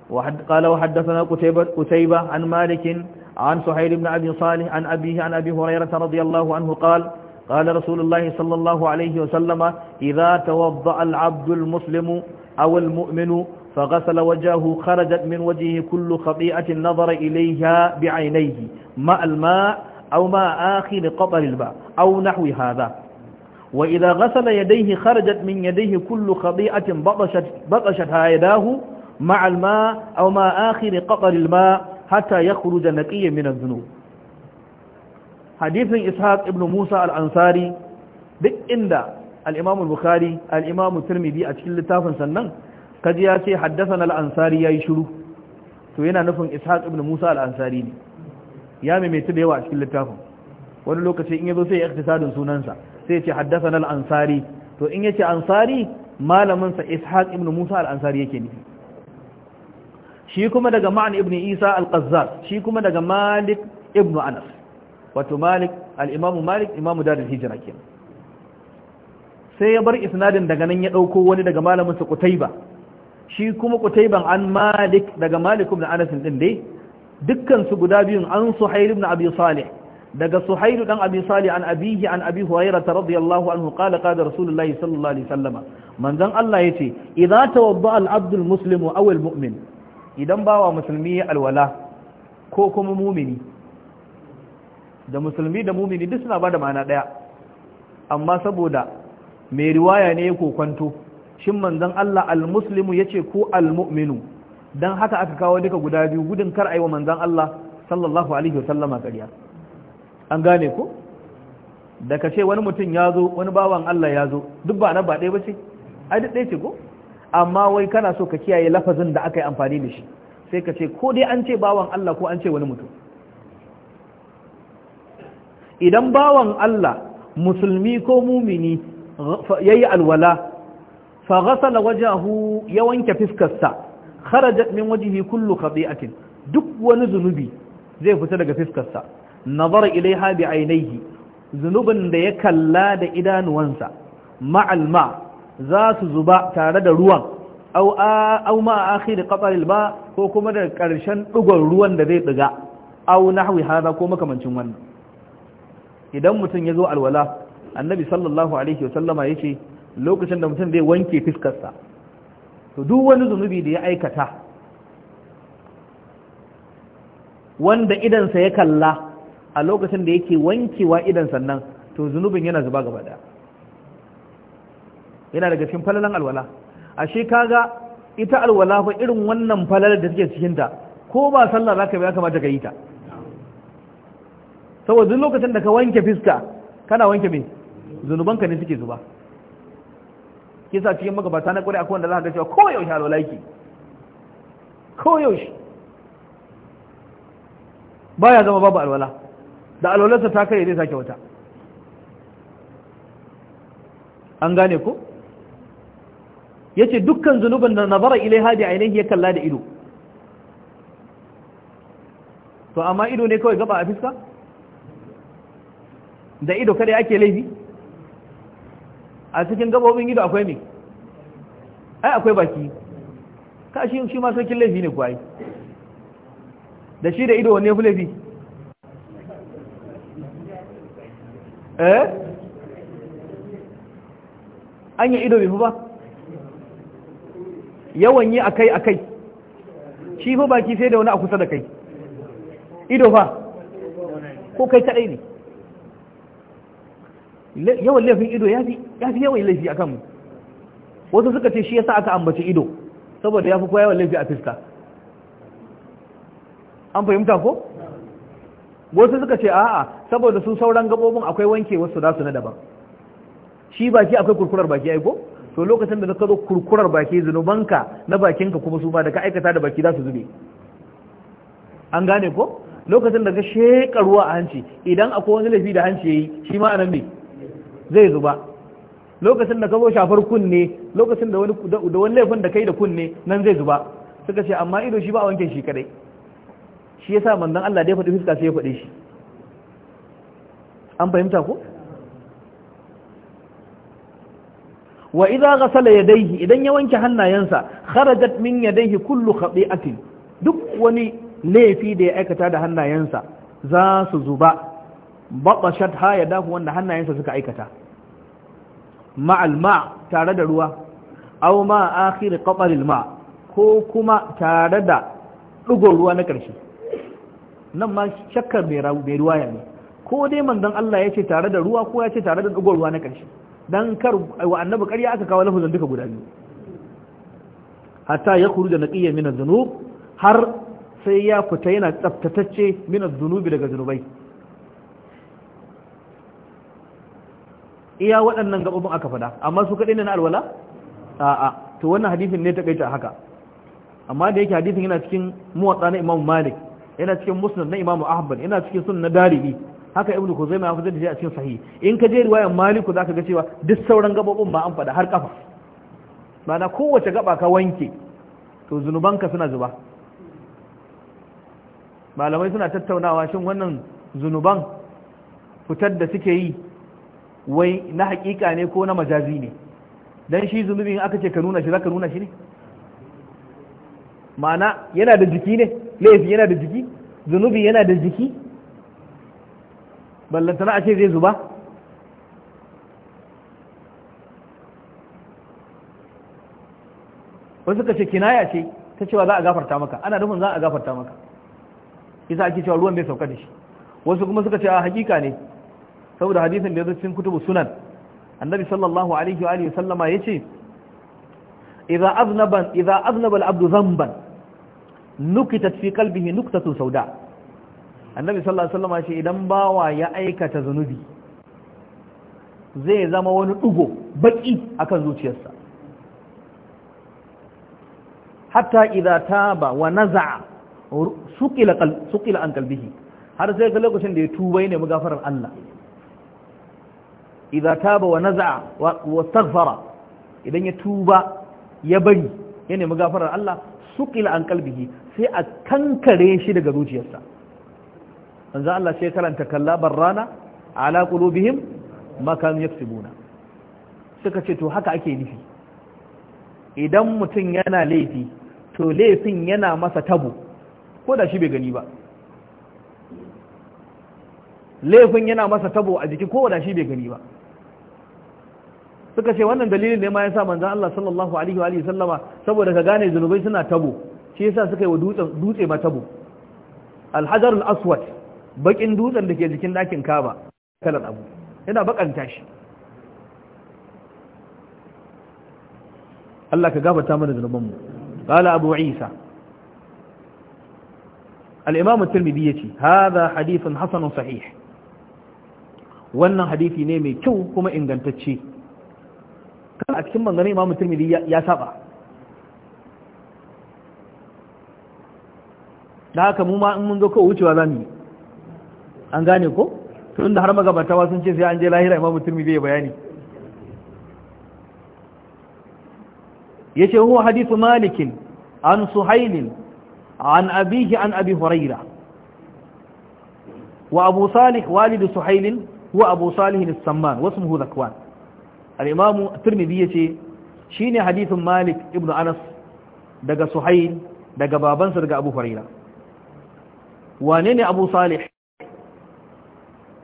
وحد قال وحدثنا قتيبة, قتيبة عن مالك عن سهيل بن أبي صالح عن أبيه عن أبي هريرة رضي الله عنه قال قال رسول الله صلى الله عليه وسلم إذا توضأ العبد المسلم أو المؤمن فغسل وجهه خرجت من وجهه كل خطيئة نظر إليها بعينيه ماء الماء أو ماء آخر قطر الماء أو نحو هذا wa idza ghasala yadayhi kharajat min yadayhi kullu khadi'atin batashat batashat yadahu ma'a al-ma' aw ma akhir qatar al-ma' hatta yakhruja naqiyyan min adh-dhunub hadithin ishaq ibn musa al duk inda al-imam al-bukhari al-imam a cikin littafin sannan kaji ya ce haddathana al-ansari yayi shiru to yana nufin ishaq ibn musa al-ansari ne ya maimaita da yawa a cikin littafin wani lokaci in yazo sai ya iktisadin sunansa sai ce haddasa na al'ansari to in yace ansari malaminsa ishaq ibn musa al'ansari yake nufi shi kuma daga ma'an ibn isa al-qazzaz shi kuma daga malik ibn anas wato malik al-imamu malik imamu dadin hijira ke sai ya bar isnadin daga nan ya ɗauko wani daga malaminsa Kutaiba. shi kuma Kutaiban an malik daga malik ibn anas ɗin dai dukkan su guda biyun an suhayl ibn abi salih daga suhailu dan abi sali an abihi an abi hurairah radiyallahu anhu qala qala rasulullahi sallallahu alaihi wasallam manzan Allah yace idza tawadda al abd al muslim aw al mu'min idan bawa musulmi ya alwala ko kuma mumini da musulmi da mumini duk suna bada ma'ana daya amma saboda mai riwaya ne ko kwanto shin manzan Allah al muslimu yace ko al mu'minu dan haka aka kawo duka guda biyu gudun kar ayi wa manzon Allah sallallahu alaihi wasallama kariya an gane ko da ka ce wani mutum ya zo wani bawan Allah ya zo duk ba na ba ɗaya ba ce ai duk ɗaya ce ko amma wai kana so ka kiyaye lafazin da aka yi amfani da shi sai ka ce ko dai an ce bawan Allah ko an ce wani mutum idan bawan Allah musulmi ko mumini ya yi alwala fa ghasala wajahu ya wanke fiskarsa kharajat min wajhi kullu khati'atin duk wani zunubi zai fita daga fiskarsa nazara ilaiha bi ainihi zunubin da ya kalla da idanuwansa ma'alma za su zuba tare da ruwan au ma a akhiri qataril ba ko kuma da karshen dugon ruwan da zai diga au nahwi hada ko makamancin wannan idan mutum ya zo alwala annabi sallallahu alaihi wa yace lokacin da mutum zai wanke fiskarsa to duk wani zunubi da ya aikata wanda idansa ya kalla a lokacin da yake wankewa idan sannan to zunubin yana zuba gaba daya yana daga cikin falalan alwala ashe kaga ita alwala fa irin wannan falalar da take cikin ta ko ba sallah zaka ya kamata ka yi ta saboda duk lokacin da ka wanke fiska kana wanke me zunuban ka ne suke zuba kisa cikin magabata na kware akwai wanda za ka cewa ko yaushe alwala yake ko yaushe baya zama babu alwala da alwalarsa ta kare zai sake wata an gane ko yace dukkan zunuban da nazara Ilai da ainihi ya kalla da ido to amma ido ne kawai gaba a fiska da ido kada ake laifi a cikin gabobin ido akwai me ai akwai baki kashi shi ma sarkin laifi ne kuwa da shi da ido ya fi laifi eh an yi ido bifu ba yawan yi akai akai shi fa baki sai da wani a kusa da kai ido fa ko kai kadai ne yawan laifin ido ya fi yawan laifi akan mu wasu suka ce shi yasa aka ambaci ido saboda ya fi kowa yawan laifi a fiska an fahimta ko wasu suka ce a'a saboda su sauran gabobin akwai wanke wasu su na daban shi baki akwai kurkurar baki aiko to lokacin da ka zo kurkurar baki zunubanka na bakinka kuma su ba da ka aikata da baki za su zube an gane ko lokacin da ka sheƙa ruwa a hanci idan akwai wani laifi da hanci yayi shi ma anan ne zai zuba lokacin da ka zo shafar kunne lokacin da wani da wani laifin da kai da kunne nan zai zuba suka ce amma ido shi ba wanke shi kadai shi yasa manzon Allah da ya faɗi fuska sai ya faɗe shi an fahimta ko wa idza ya daihi idan ya wanke hannayensa kharajat min yadayhi kullu khati'atin duk wani laifi da ya aikata da hannayensa za su zuba batashat ha dafu wanda hannayensa suka aikata ma'al ma tare da ruwa aw ma akhir qatar ma ko kuma tare da dugon ruwa na ƙarshe nan ma shakkar ruwa ruwaya ne ko dai manzon Allah ya ce tare da ruwa ko ya ce tare da dugowar ruwa na ƙarshe dan kar wa annabi ƙarya aka kawo lafazin duka guda biyu hatta ya kuru da naqiya min adh-dhunub har sai ya fita yana tsaftatacce min adh daga zunubai iya waɗannan gabobin aka fada amma su kaɗai ne na alwala a'a to wannan hadisin ne ta kaita haka amma da yake hadisin yana cikin muwatsa na Imam Malik yana cikin musnad na imamu ahmad yana cikin sunan na dalibi haka ibnu kuzaima ya fada da shi a cikin sahih in ka je riwayar maliku zaka ga cewa duk sauran gabobin ba an fada har kafa mana kowace gaba ka wanke to zunubanka suna zuba malamai suna tattaunawa shin wannan zunuban fitar da suke yi wai na hakika ne ko na majazi ne dan shi zunubin aka ce ka nuna shi zaka nuna shi ne ma'ana yana da jiki ne laifi yana da jiki zunubi yana da jiki ballantana a ce zai zuba wasu ka ce kinaya ce ta cewa za a gafarta maka ana nufin za a gafarta maka isa ake cewa ruwan bai sauka da shi wasu kuma suka ce a hakika ne saboda hadisin da ya cikin kutubu sunan annabi sallallahu alaihi wa sallama ya ce aznaba idza aznaba al-abdu dhanban nukitat fi qalbihi nuqtatun sauda annabi sallallahu alaihi wasallam shi idan bawa ya aikata zanubi zai zama wani dugo baki akan zuciyarsa hatta idza taba wa naza'a suqila suqila an kalbihi, har sai ga lokacin da ya tuba ne gafarar Allah idza taba wa naza'a wa istaghfara idan ya tuba ya bari ya nemi gafarar Allah sukila an kalbihi sai a kankare shi daga zuciyarsa za Allah sai karanta kalla barrana ala qulubihim ma kan yaksubuna suka ce to haka ake nufi idan mutum yana laifi to laifin yana masa tabo ko da shi bai gani ba laifin yana masa tabo a jiki ko da shi bai gani ba suka ce wannan dalilin ne ma yasa manzon Allah sallallahu alaihi wa alihi sallama saboda ka gane zunubai suna tabo shi sa suka yi wa dutse ma tabo al-hajar al bakin dutsen da ke jikin ɗakin kaba kalan abu yana bakanta shi Allah ka gafata mana zunubanmu qala abu isa al-imam at ce. yace hadifin hadithun hasanun sahih wannan hadifi ne mai kyau kuma ingantacce kan a cikin manganin imamu turmidi ya saba da haka mu ma in mun zo kawai wucewa za mu yi an gane ko tun da har magabatawa sun ce sai an je lahira imamu turmidi ya bayani ya ce huwa hadithu malikin an suhailin an abihi an abi huraira wa abu salih walidu suhailin هو أبو samman wasu واسمه ذكوان al-imamu ya ce shi shine hadithin malik ibnu anas daga suhail daga babansa daga abu Wanene wane ne abu salih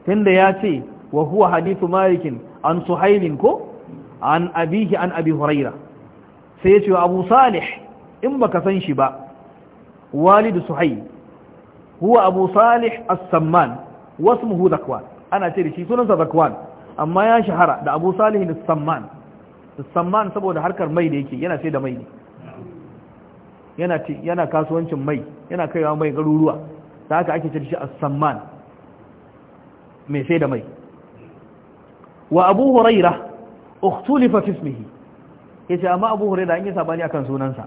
tunda yace wa huwa hadithu malikin an suhayl ko an abihi an abi huraira sai yace abu salih in baka san shi ba walidu suhail huwa abu salih as-samman wasmuhu zakwan ana ce da shi sunansa zakwan amma ya shahara da abu salihin samman samman saboda harkar mai da yake yana sai da mai ne yana kasuwancin mai yana kaiwa mai garuruwa ta haka ake cin shi a samman mai sai da mai wa abu huraira uktulifa fismihi yace amma abu huraira an yi sabani akan sunansa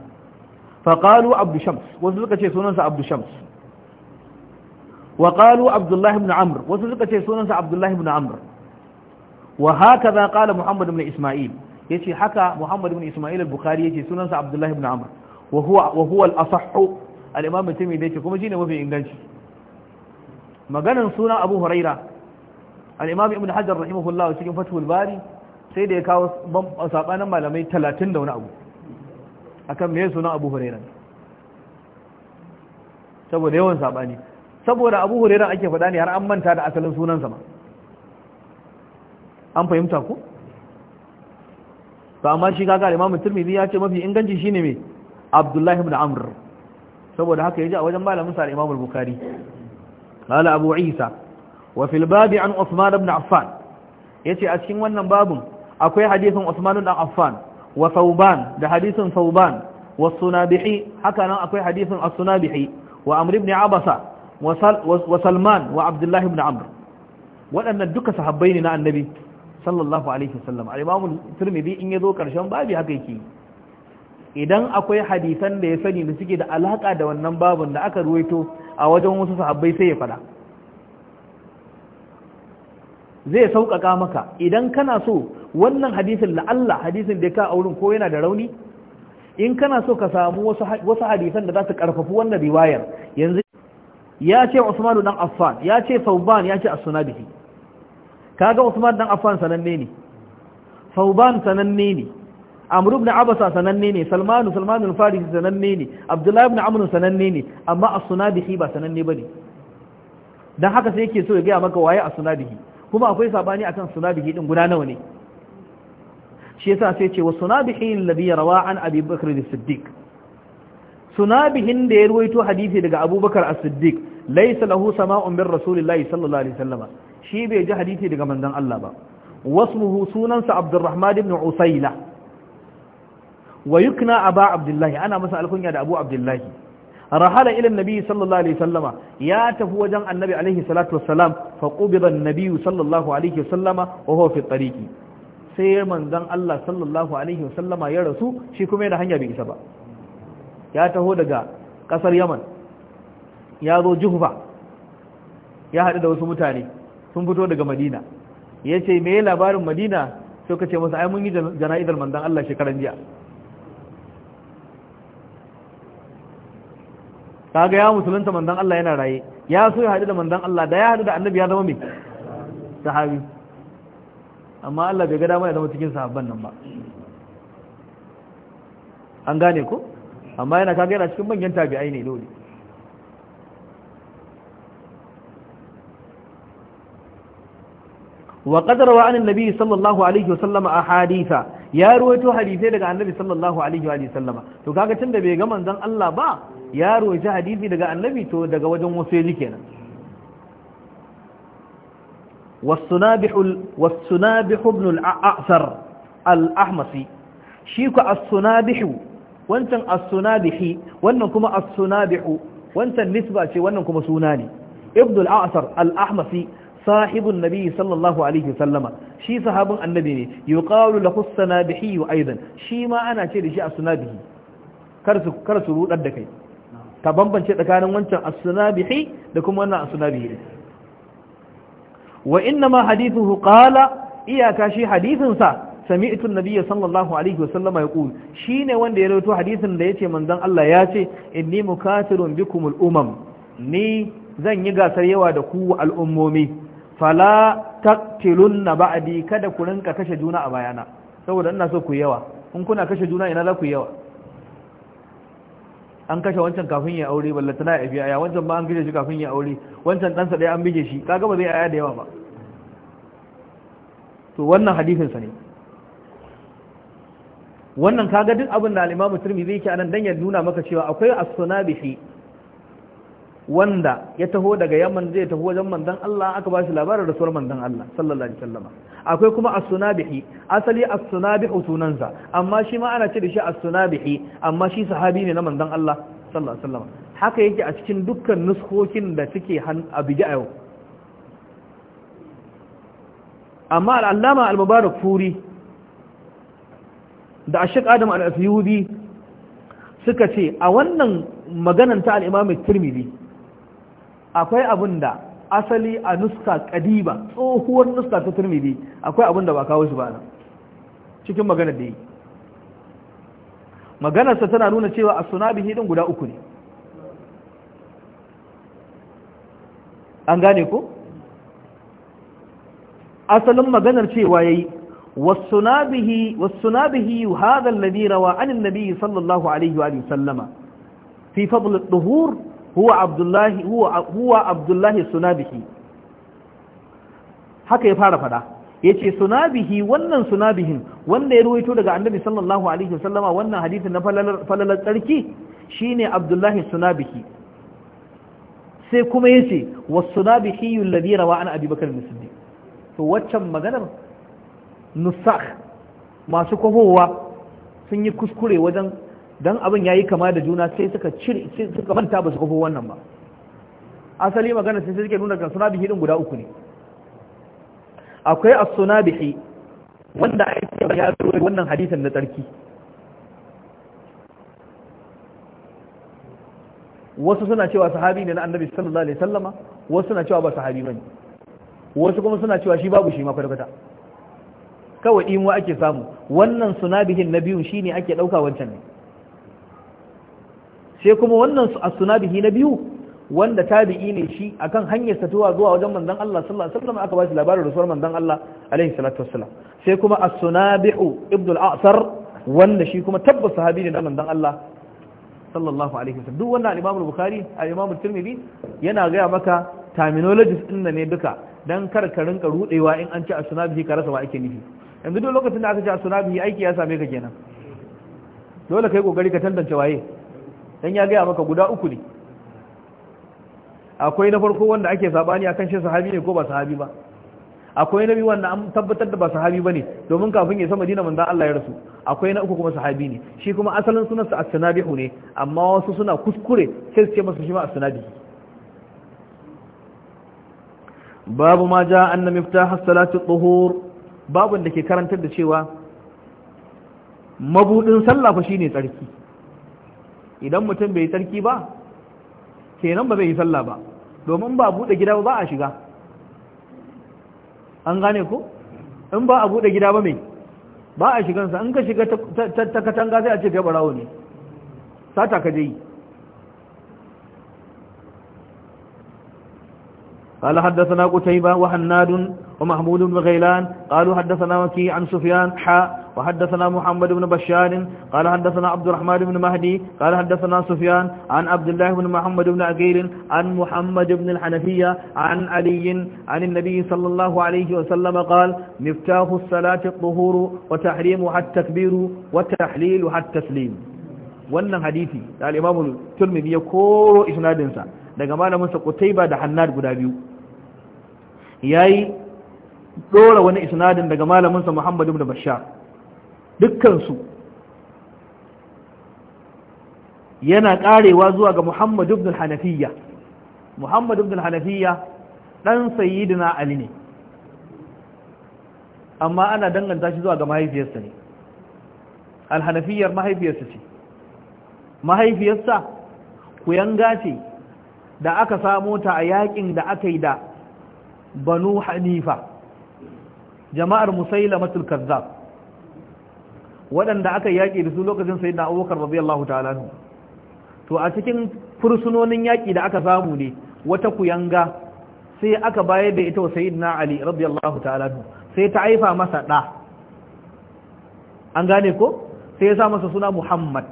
abdu shams wasu suka ce sunansa abdu shams وقالوا عبد الله بن عمرو وسلك شيء سنن عبد الله بن عمرو wa haka za kala muhammad ibn isma'il ce haka Muhammadu ibn isma'il al-bukhari ya ce sunansa Abdullahi ibn amr wa huwa al-asahhu al-imam at-tirmidhi yace kuma shine mafi inganci maganan sunan abu huraira al-imam ibn hajar rahimahullah cikin fathul bari sai da ya kawo sabanin malamai talatin da wani abu a kan mai sunan abu huraira saboda yawan saɓani. saboda abu huraira ake faɗa ne har an manta da asalin sunansa ma an fahimta ku to amma shi kaga Imam Tirmidhi ya ce mafi inganci shine me Abdullah ibn Amr saboda haka yaji a wajen malamin sa Imam Bukhari qala Abu Isa wa fil bab an Uthman ibn Affan yace a cikin wannan babun akwai hadisin Uthman ibn Affan wa Thawban da hadisin Thawban wa Sunabihi haka nan akwai hadisin As-Sunabihi wa Amr ibn Abasa wa Salman wa Abdullah ibn Amr waɗannan duka sahabbai ne na annabi sallallahu alaihi wasallam al-imamu tirmidhi in yazo karshen babu haka yake idan akwai hadisan da ya sani da suke da alaka da wannan babun da aka ruwaito a wajen wasu sahabbai sai ya fada zai sauƙaƙa maka idan kana so wannan hadisin Allah hadisin da ka wurin ko yana da rauni in kana so ka samu wasu hadisan da za su ƙarfafi wannan riwayar yanzu ya ce usman dan Affan ya ce Sauban ya ce as sunabi kaga Usman dan Affan sananne ne Fauban sananne ne Amr ibn Abasa sananne ne Salman Salman al-Farisi sananne ne Abdullah ibn Amr sananne ne amma as-Sunadihi ba sananne bane dan haka sai yake so ya ga maka waye as-Sunadihi kuma akwai sabani akan Sunadihi din guda nawa ne shi yasa sai ce wa Sunadihi alladhi rawa an Abi Bakr as-Siddiq Sunabihin da ya ruwaito hadisi daga Abubakar as-Siddiq laysa lahu sama'un bir Rasulillahi sallallahu alaihi wasallam shi bai ji hadisi daga manzon Allah ba wasmuhu sunansa Abdurrahman ibn Usayla wa yukna Aba Abdullahi ana masa alkunya da Abu Abdullahi rahala ila annabi sallallahu alaihi wasallama ya tafi wajen annabi alaihi salatu wassalam fa qubida annabi sallallahu alaihi wasallama wa huwa fi tariqi sai manzon Allah sallallahu alaihi wasallama ya rasu shi kuma yana hanya bai isa ba ya taho daga kasar Yaman ya zo Juhfa ya haɗu da wasu mutane sun fito daga madina ya ce me labarin madina sai ka ce masa ai mun yi jana'izar Mandan Allah shekaran jiya kaga ya musulunta Mandan Allah yana raye ya so ya haɗu da Mandan Allah da ya haɗu da annabi ya zama mai sahabi amma Allah bai ga dama ya zama cikin sahabban nan ba an gane ko amma yana kaga yana cikin manyan tabi'ai ne dole wa qadara wa anin nabi sallallahu alaihi wa sallama a haditha ya ruwaito hadisai daga annabi sallallahu alaihi wa sallama to kaga tunda bai ga manzon Allah ba ya ruwaito hadisi daga annabi to daga wajen wasu yaji kenan والسنابح ال... والسنابح wannan kuma as شيك wancan nisba ce وانكم kuma suna ne وانكم سوناني ابن al الأحمسي sahibun nabi sallallahu alaihi wasallama shi sahabin annabi ne yuqalu lahu sanabihi aidan shi ma ana ce da shi as-sunabihi kar su kar rudar da kai ka bambance tsakanin wancan as-sunabihi da kuma wannan as-sunabihi wa inna ma hadithuhu qala iyaka shi hadithin sa sami'tu an-nabiyya sallallahu alaihi wasallama yaqul shine wanda ya rawaito hadithin da yace manzon Allah ya ce inni mukathirun bikumul umam ni zan yi gasar yawa da ku al'ummomi fala taktilun na ba'adi kada ku rinka kashe juna a bayana saboda ina so ku yawa in kuna kashe juna ina za ku yawa an kashe wancan kafin ya aure balla tana ya biya wancan ba an kashe shi kafin ya aure wancan ɗansa ɗaya an bige shi kaga ba zai aya da yawa ba to wannan hadisin sa ne wannan kaga duk abin da al-Imam Tirmidhi yake anan dan ya nuna maka cewa akwai as-sunabihi wanda ya taho daga yaman zai taho wajen mandan Allah aka ba shi labarin rasuwar mandan Allah sallallahu alaihi wasallam akwai kuma as-sunabihi asali as-sunabihu sunansa amma shi ma ana ce da shi as-sunabihi amma shi sahabi ne na mandan Allah sallallahu alaihi wasallam haka yake a cikin dukkan nuskokin da suke a bid'a yau amma al-allama al-mubarak furi da ashik adam al-asyudi suka ce a wannan maganan ta al-imam at-tirmidhi akwai abin asali a nuska kadiba tsohuwar nuska ta turmidi akwai abin da ba kawo shi ba na, cikin magana da yi maganarsa tana nuna cewa a suna bihi din guda uku ne an gane ko asalin maganar cewa ya yi bihi wasuna bihi hadha alladhi rawa an sallallahu alaihi wa sallama fi fadl duhur huwa abdullahi huwa sunabihi haka ya fara fada yace sunabihi wannan sunabihin wanda ya ruwaito daga annabi sallallahu alaihi wasallama wannan hadisin na falalar tsarki shine abdullahi sunabihi sai kuma yace wasunabihi alladhi rawa an abi bakr to waccan maganar nusakh masu kwafowa sun yi kuskure wajen don abin ya yi kama da juna sai suka manta ba su kafo wannan ba asali magana sai suke nuna ga suna bihi ɗin guda uku ne akwai as-suna bihi wanda ake ya zo wannan hadisin na tsarki wasu suna cewa sahabi ne na annabi sallallahu alaihi wasallama wasu suna cewa ba sahabi bane wasu kuma suna cewa shi babu shi ma kwata kawai imuwa ake samu wannan suna bihin na biyun shine ake dauka wancan ne sai kuma wannan as-sunabihi na biyu wanda tabi'i ne shi akan hanyar satuwa zuwa wajen manzon Allah sallallahu alaihi wasallam aka ba shi labarin rasuwar manzon Allah alaihi salatu wassalam sai kuma as-sunabihu ibn al-a'sar wanda shi kuma tabbas sahabi ne na manzon Allah sallallahu alaihi wasallam duk wannan al-Imam al-Bukhari al-Imam al-Tirmidhi yana gaya maka terminologies din ne duka dan kar ka rinka rudewa in an ce as-sunabihi ka rasa wa ake nufi yanzu duk lokacin da aka ce as-sunabihi aiki ya same ka kenan dole kai kokari ka tantance waye dan ya gaya maka guda uku ne akwai na farko wanda ake sabani akan shi sahabi ne ko ba sahabi ba akwai na biyu wanda an tabbatar da ba sahabi bane domin kafin ya sa Madina manzon Allah ya rasu akwai na uku kuma sahabi ne shi kuma asalin sunan sa as-sanabihu ne amma wasu suna kuskure sai su ce masa shi ma as-sanabihu babu ma ja anna miftah as-salati tuhur babun da ke karantar da cewa mabudin sallah fa shine tsarki idan mutum bai sarki ba kenan ba zai yi sallah ba domin ba buɗe gida ba a shiga an gane ko in ba a buɗe gida ba mai ba a shigansa in ka shiga ta katanga zai a ce gaba rawo ne sata ka je yi قال حدثنا قتيبة وحناد ومحمود بن غيلان قالوا حدثنا وكي عن سفيان حاء وحدثنا محمد بن بشار قال حدثنا عبد الرحمن بن مهدي قال حدثنا سفيان عن عبد الله بن محمد بن عقيل عن محمد بن الحنفية عن علي عن النبي صلى الله عليه وسلم قال مفتاح الصلاة الطهور وتحريمها التكبير وتحليلها التسليم wannan hadisi da al-Imam Tirmidhi ya koro isnadin sa daga malamin sa Qutayba da Hannad guda biyu yayi dora wani isnadin daga malamin sa Muhammad ibn Bashar dukkansu yana karewa zuwa ga Muhammad ibn hanafiya Muhammad ibn hanafiya dan sayyidina Ali ne amma ana danganta shi zuwa ga mahaifiyarsa ne al mahaifiyarsa ce mahaifiyarsa kuyanga ce da aka samo ta a yakin da aka yi da Banu Hanifa jama'ar Musailamatul Kazzab waɗanda aka yaƙi da su lokacin sai na abubakar radiyallahu ta'ala ne to a cikin fursunonin yaƙi da aka samu ne wata kuyanga sai aka bayar da ita wa sayyidina ali radiyallahu ta'ala ne sai ta haifa masa ɗa an gane ko sai ya sa masa suna muhammad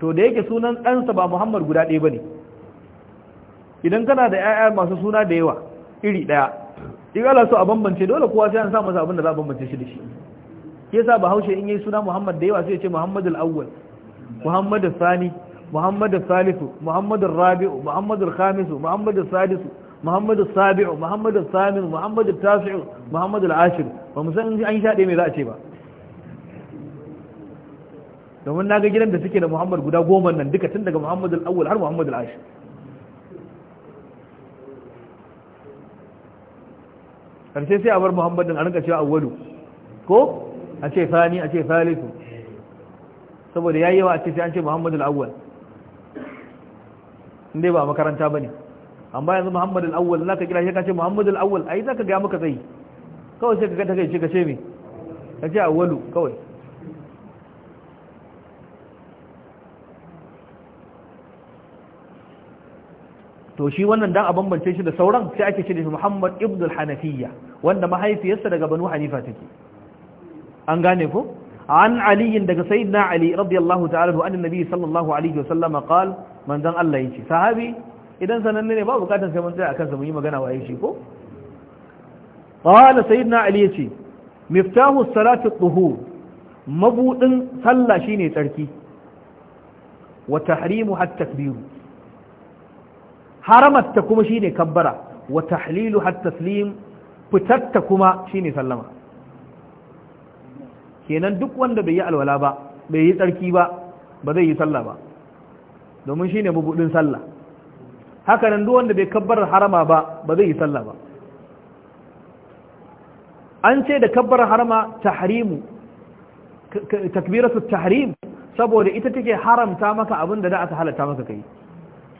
to da yake sunan ɗansa ba muhammad guda ɗaya ba ne idan kana da 'ya'ya masu suna da yawa iri ɗaya in ala so a bambance dole kowa sai an sa masa abin da za a bambance shi da shi yasa haushe in yi suna Muhammad da yawa sai ya ce Muhammadul Awwal Muhammadul Sani Muhammadul Salisu Muhammadul Rabi'u Muhammadul Khamisu Muhammadul Sadisu Muhammadul Sabi'u Muhammadul Thamin Muhammadul Tasi'u Muhammadul Ashir ba mu san an shaɗe me za a ce ba domin na ga gidan da suke da Muhammad guda goma nan duka tun daga Muhammadul Awwal har Muhammadul Ashir karshe sai a bar Muhammadin a rinka cewa awwalu ko a ce fani a ce falisu saboda ya yi yawa a ce sai an ce muhammadu inda awwal indai ba makaranta bane amma yanzu muhammadu al-awwal zaka kira shi ka ce muhammadu al-awwal ai zaka ga maka sai kawai sai ka ga take ce ka ce me ka ce a walu kawai to shi wannan dan a bambance shi da sauran sai ake ce da Muhammad ibn al-Hanafiyya wanda mahaifiyarsa daga Banu Hanifa take an gane ko an aliyin daga sayyidina ali radiyallahu ta'ala da annabi sallallahu alaihi wa sallam qal manzan Allah yace sahabi idan sananne ne ba bukatar sai mun tsaya akan sa mun yi magana waye shi ko qala sayyidina ali yace miftahu salati tuhur mabudin sallah shine tsarki wa tahrimu hatta takbir haramatta kuma shine kabbara wa tahlilu hatta taslim fitatta kuma shine sallama kenan duk wanda bai yi alwala ba bai yi tsarki ba ba zai yi sallah ba domin shi ne bubudin sallah haka nan duk wanda bai kabbar harama ba ba zai yi sallah ba an ce da kabbar harama tahrimu takbiratu tahrim saboda ita take haramta maka abin da da aka halatta maka kai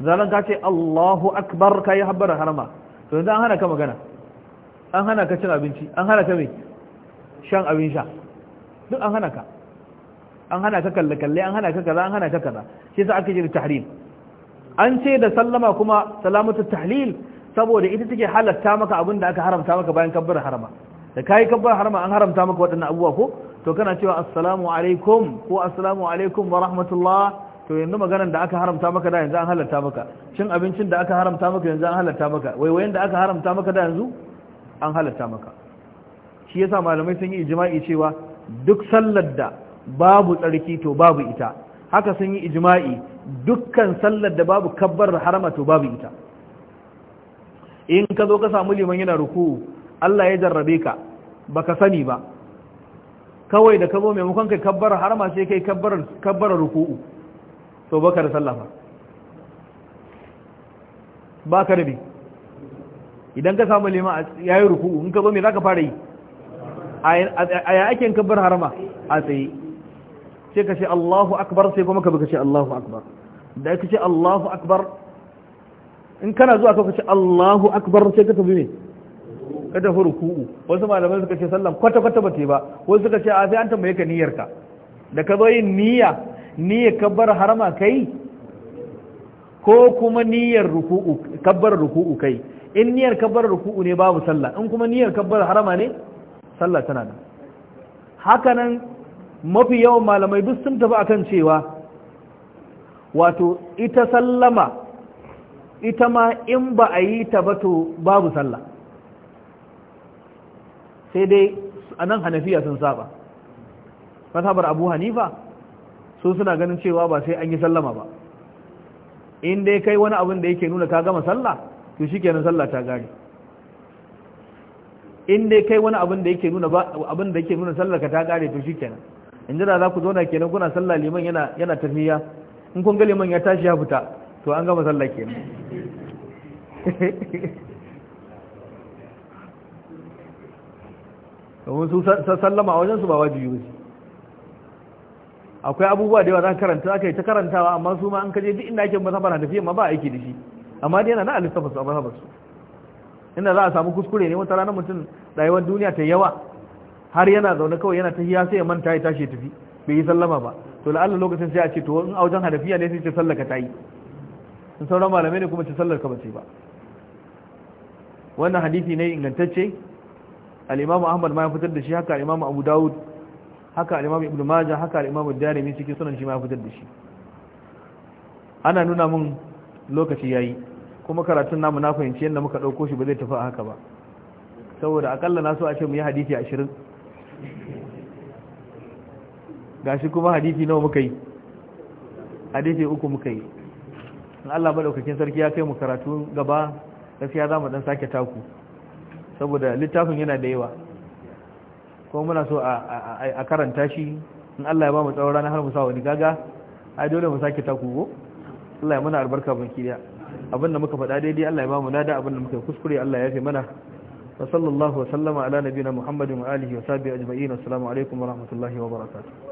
zalan ka ce Allahu akbar kai habbar harama to dan hana ka magana an hana ka cin abinci an hana ka mai shan abin sha duk an hana ka an hana ka kalle kalle an hana ka kaza an hana ka kaza shi yasa aka jira tahrim an ce da sallama kuma salamatu tahlil saboda ita take halatta maka abin da aka haramta maka bayan kabbar harama da kai kabbar harama an haramta maka waɗannan abubuwa ko to kana cewa assalamu alaikum ko assalamu alaikum wa rahmatullah to yanzu maganar da aka haramta maka da yanzu an halatta maka cin abincin da aka haramta maka yanzu an halatta maka waiwayen da aka haramta maka da yanzu an halatta maka shi yasa malamai sun yi ijma'i cewa duk sallar da babu tsarki to babu ita haka sun yi ijma'i dukkan sallar da babu kabbar harama to babu ita in ka zo ka samu liman yana ruku Allah ya jarrabe ka baka sani ba kawai da ka zo maimakon kai kabbar harama sai kai kabbar ruku'u to baka da sallah ba baka da bi idan ka samu liman yayi ruku'u in ka zo me zaka fara yi a ya ake kabbar harama a tsaye sai ka ce Allahu akbar sai kuma ka bi ka ce Allahu akbar da ka ce Allahu akbar in kana zuwa ka ce Allahu akbar sai ka tafi ne ka tafi ruku'u wasu malamai suka ce sallan kwata kwata ba ba wasu suka ce a sai an tambaye ka ka. da ka zo yin niyya niyyar kabbar harama kai ko kuma niyyar ruku'u kabbar ruku'u kai in niyyar kabbar ruku'u ne babu sallah in kuma niyyar kabbar harama ne sallah tana nan hakanan mafi yawan malamai duk sun tafi akan cewa wato ita sallama ita ma in ba a yi ta ba to babu sallah sai dai a nan hanafiya sun saba masabar abu hanifa sun suna ganin cewa ba sai an yi sallama ba in dai kai wani abin da yake nuna ka gama sallah to kenan sallah ta gari in dai kai wani abin da yake nuna abin da yake nuna sallar ka ta kare to shikenan in jira za ku zauna kenan kuna sallah liman yana yana tafiya in kun ga liman ya tashi ya fita to an gama sallah kenan domin su sallama a wajen su ba wajibi ba akwai abubuwa da yawa za ka karanta aka yi ta karantawa amma su ma an kaje duk inda ake masabar da fiye ma ba aiki da shi amma dai yana na alistafa su a masabar su inda za a samu kuskure ne wata ranar mutum rayuwar duniya ta yawa har yana zaune kawai yana tahiya sai ya manta ya tashi tafi bai yi sallama ba to la'alla lokacin sai a ce to in a wajen ne sai ce sallaka ta yi in sauran malamai ne kuma ce sallar ka bace ba wannan hadisi ne ingantacce al-imamu ahmad ma ya fitar da shi haka al-imamu abu dawud haka al-imamu ibnu majah haka al-imamu darimi cikin sunan shi ma ya fitar da shi ana nuna mun lokaci yayi kuma karatun namu na fahimci yadda muka ɗauko shi ba zai tafi a haka ba saboda akalla na so a ce mu yi hadisi ashirin gashi kuma hadisi nawa muka yi hadisi uku muka yi in Allah ɗaukakin sarki ya kai mu karatu gaba gaskiya za mu dan sake taku saboda littafin yana da yawa kuma muna so a karanta shi in Allah ya ba mu tsawon rana har mu sa wani gaga ai dole mu sake taku go Allah ya muna albarka banki daya abinda muka faɗa daidai Allah ya ba mu lada abinda muka kuskure Allah ya fi mana wa sallallahu wa sallama ala nabiyina Muhammadin wa alihi wa sahbihi ajma'in assalamu alaikum wa rahmatullahi wa barakatuh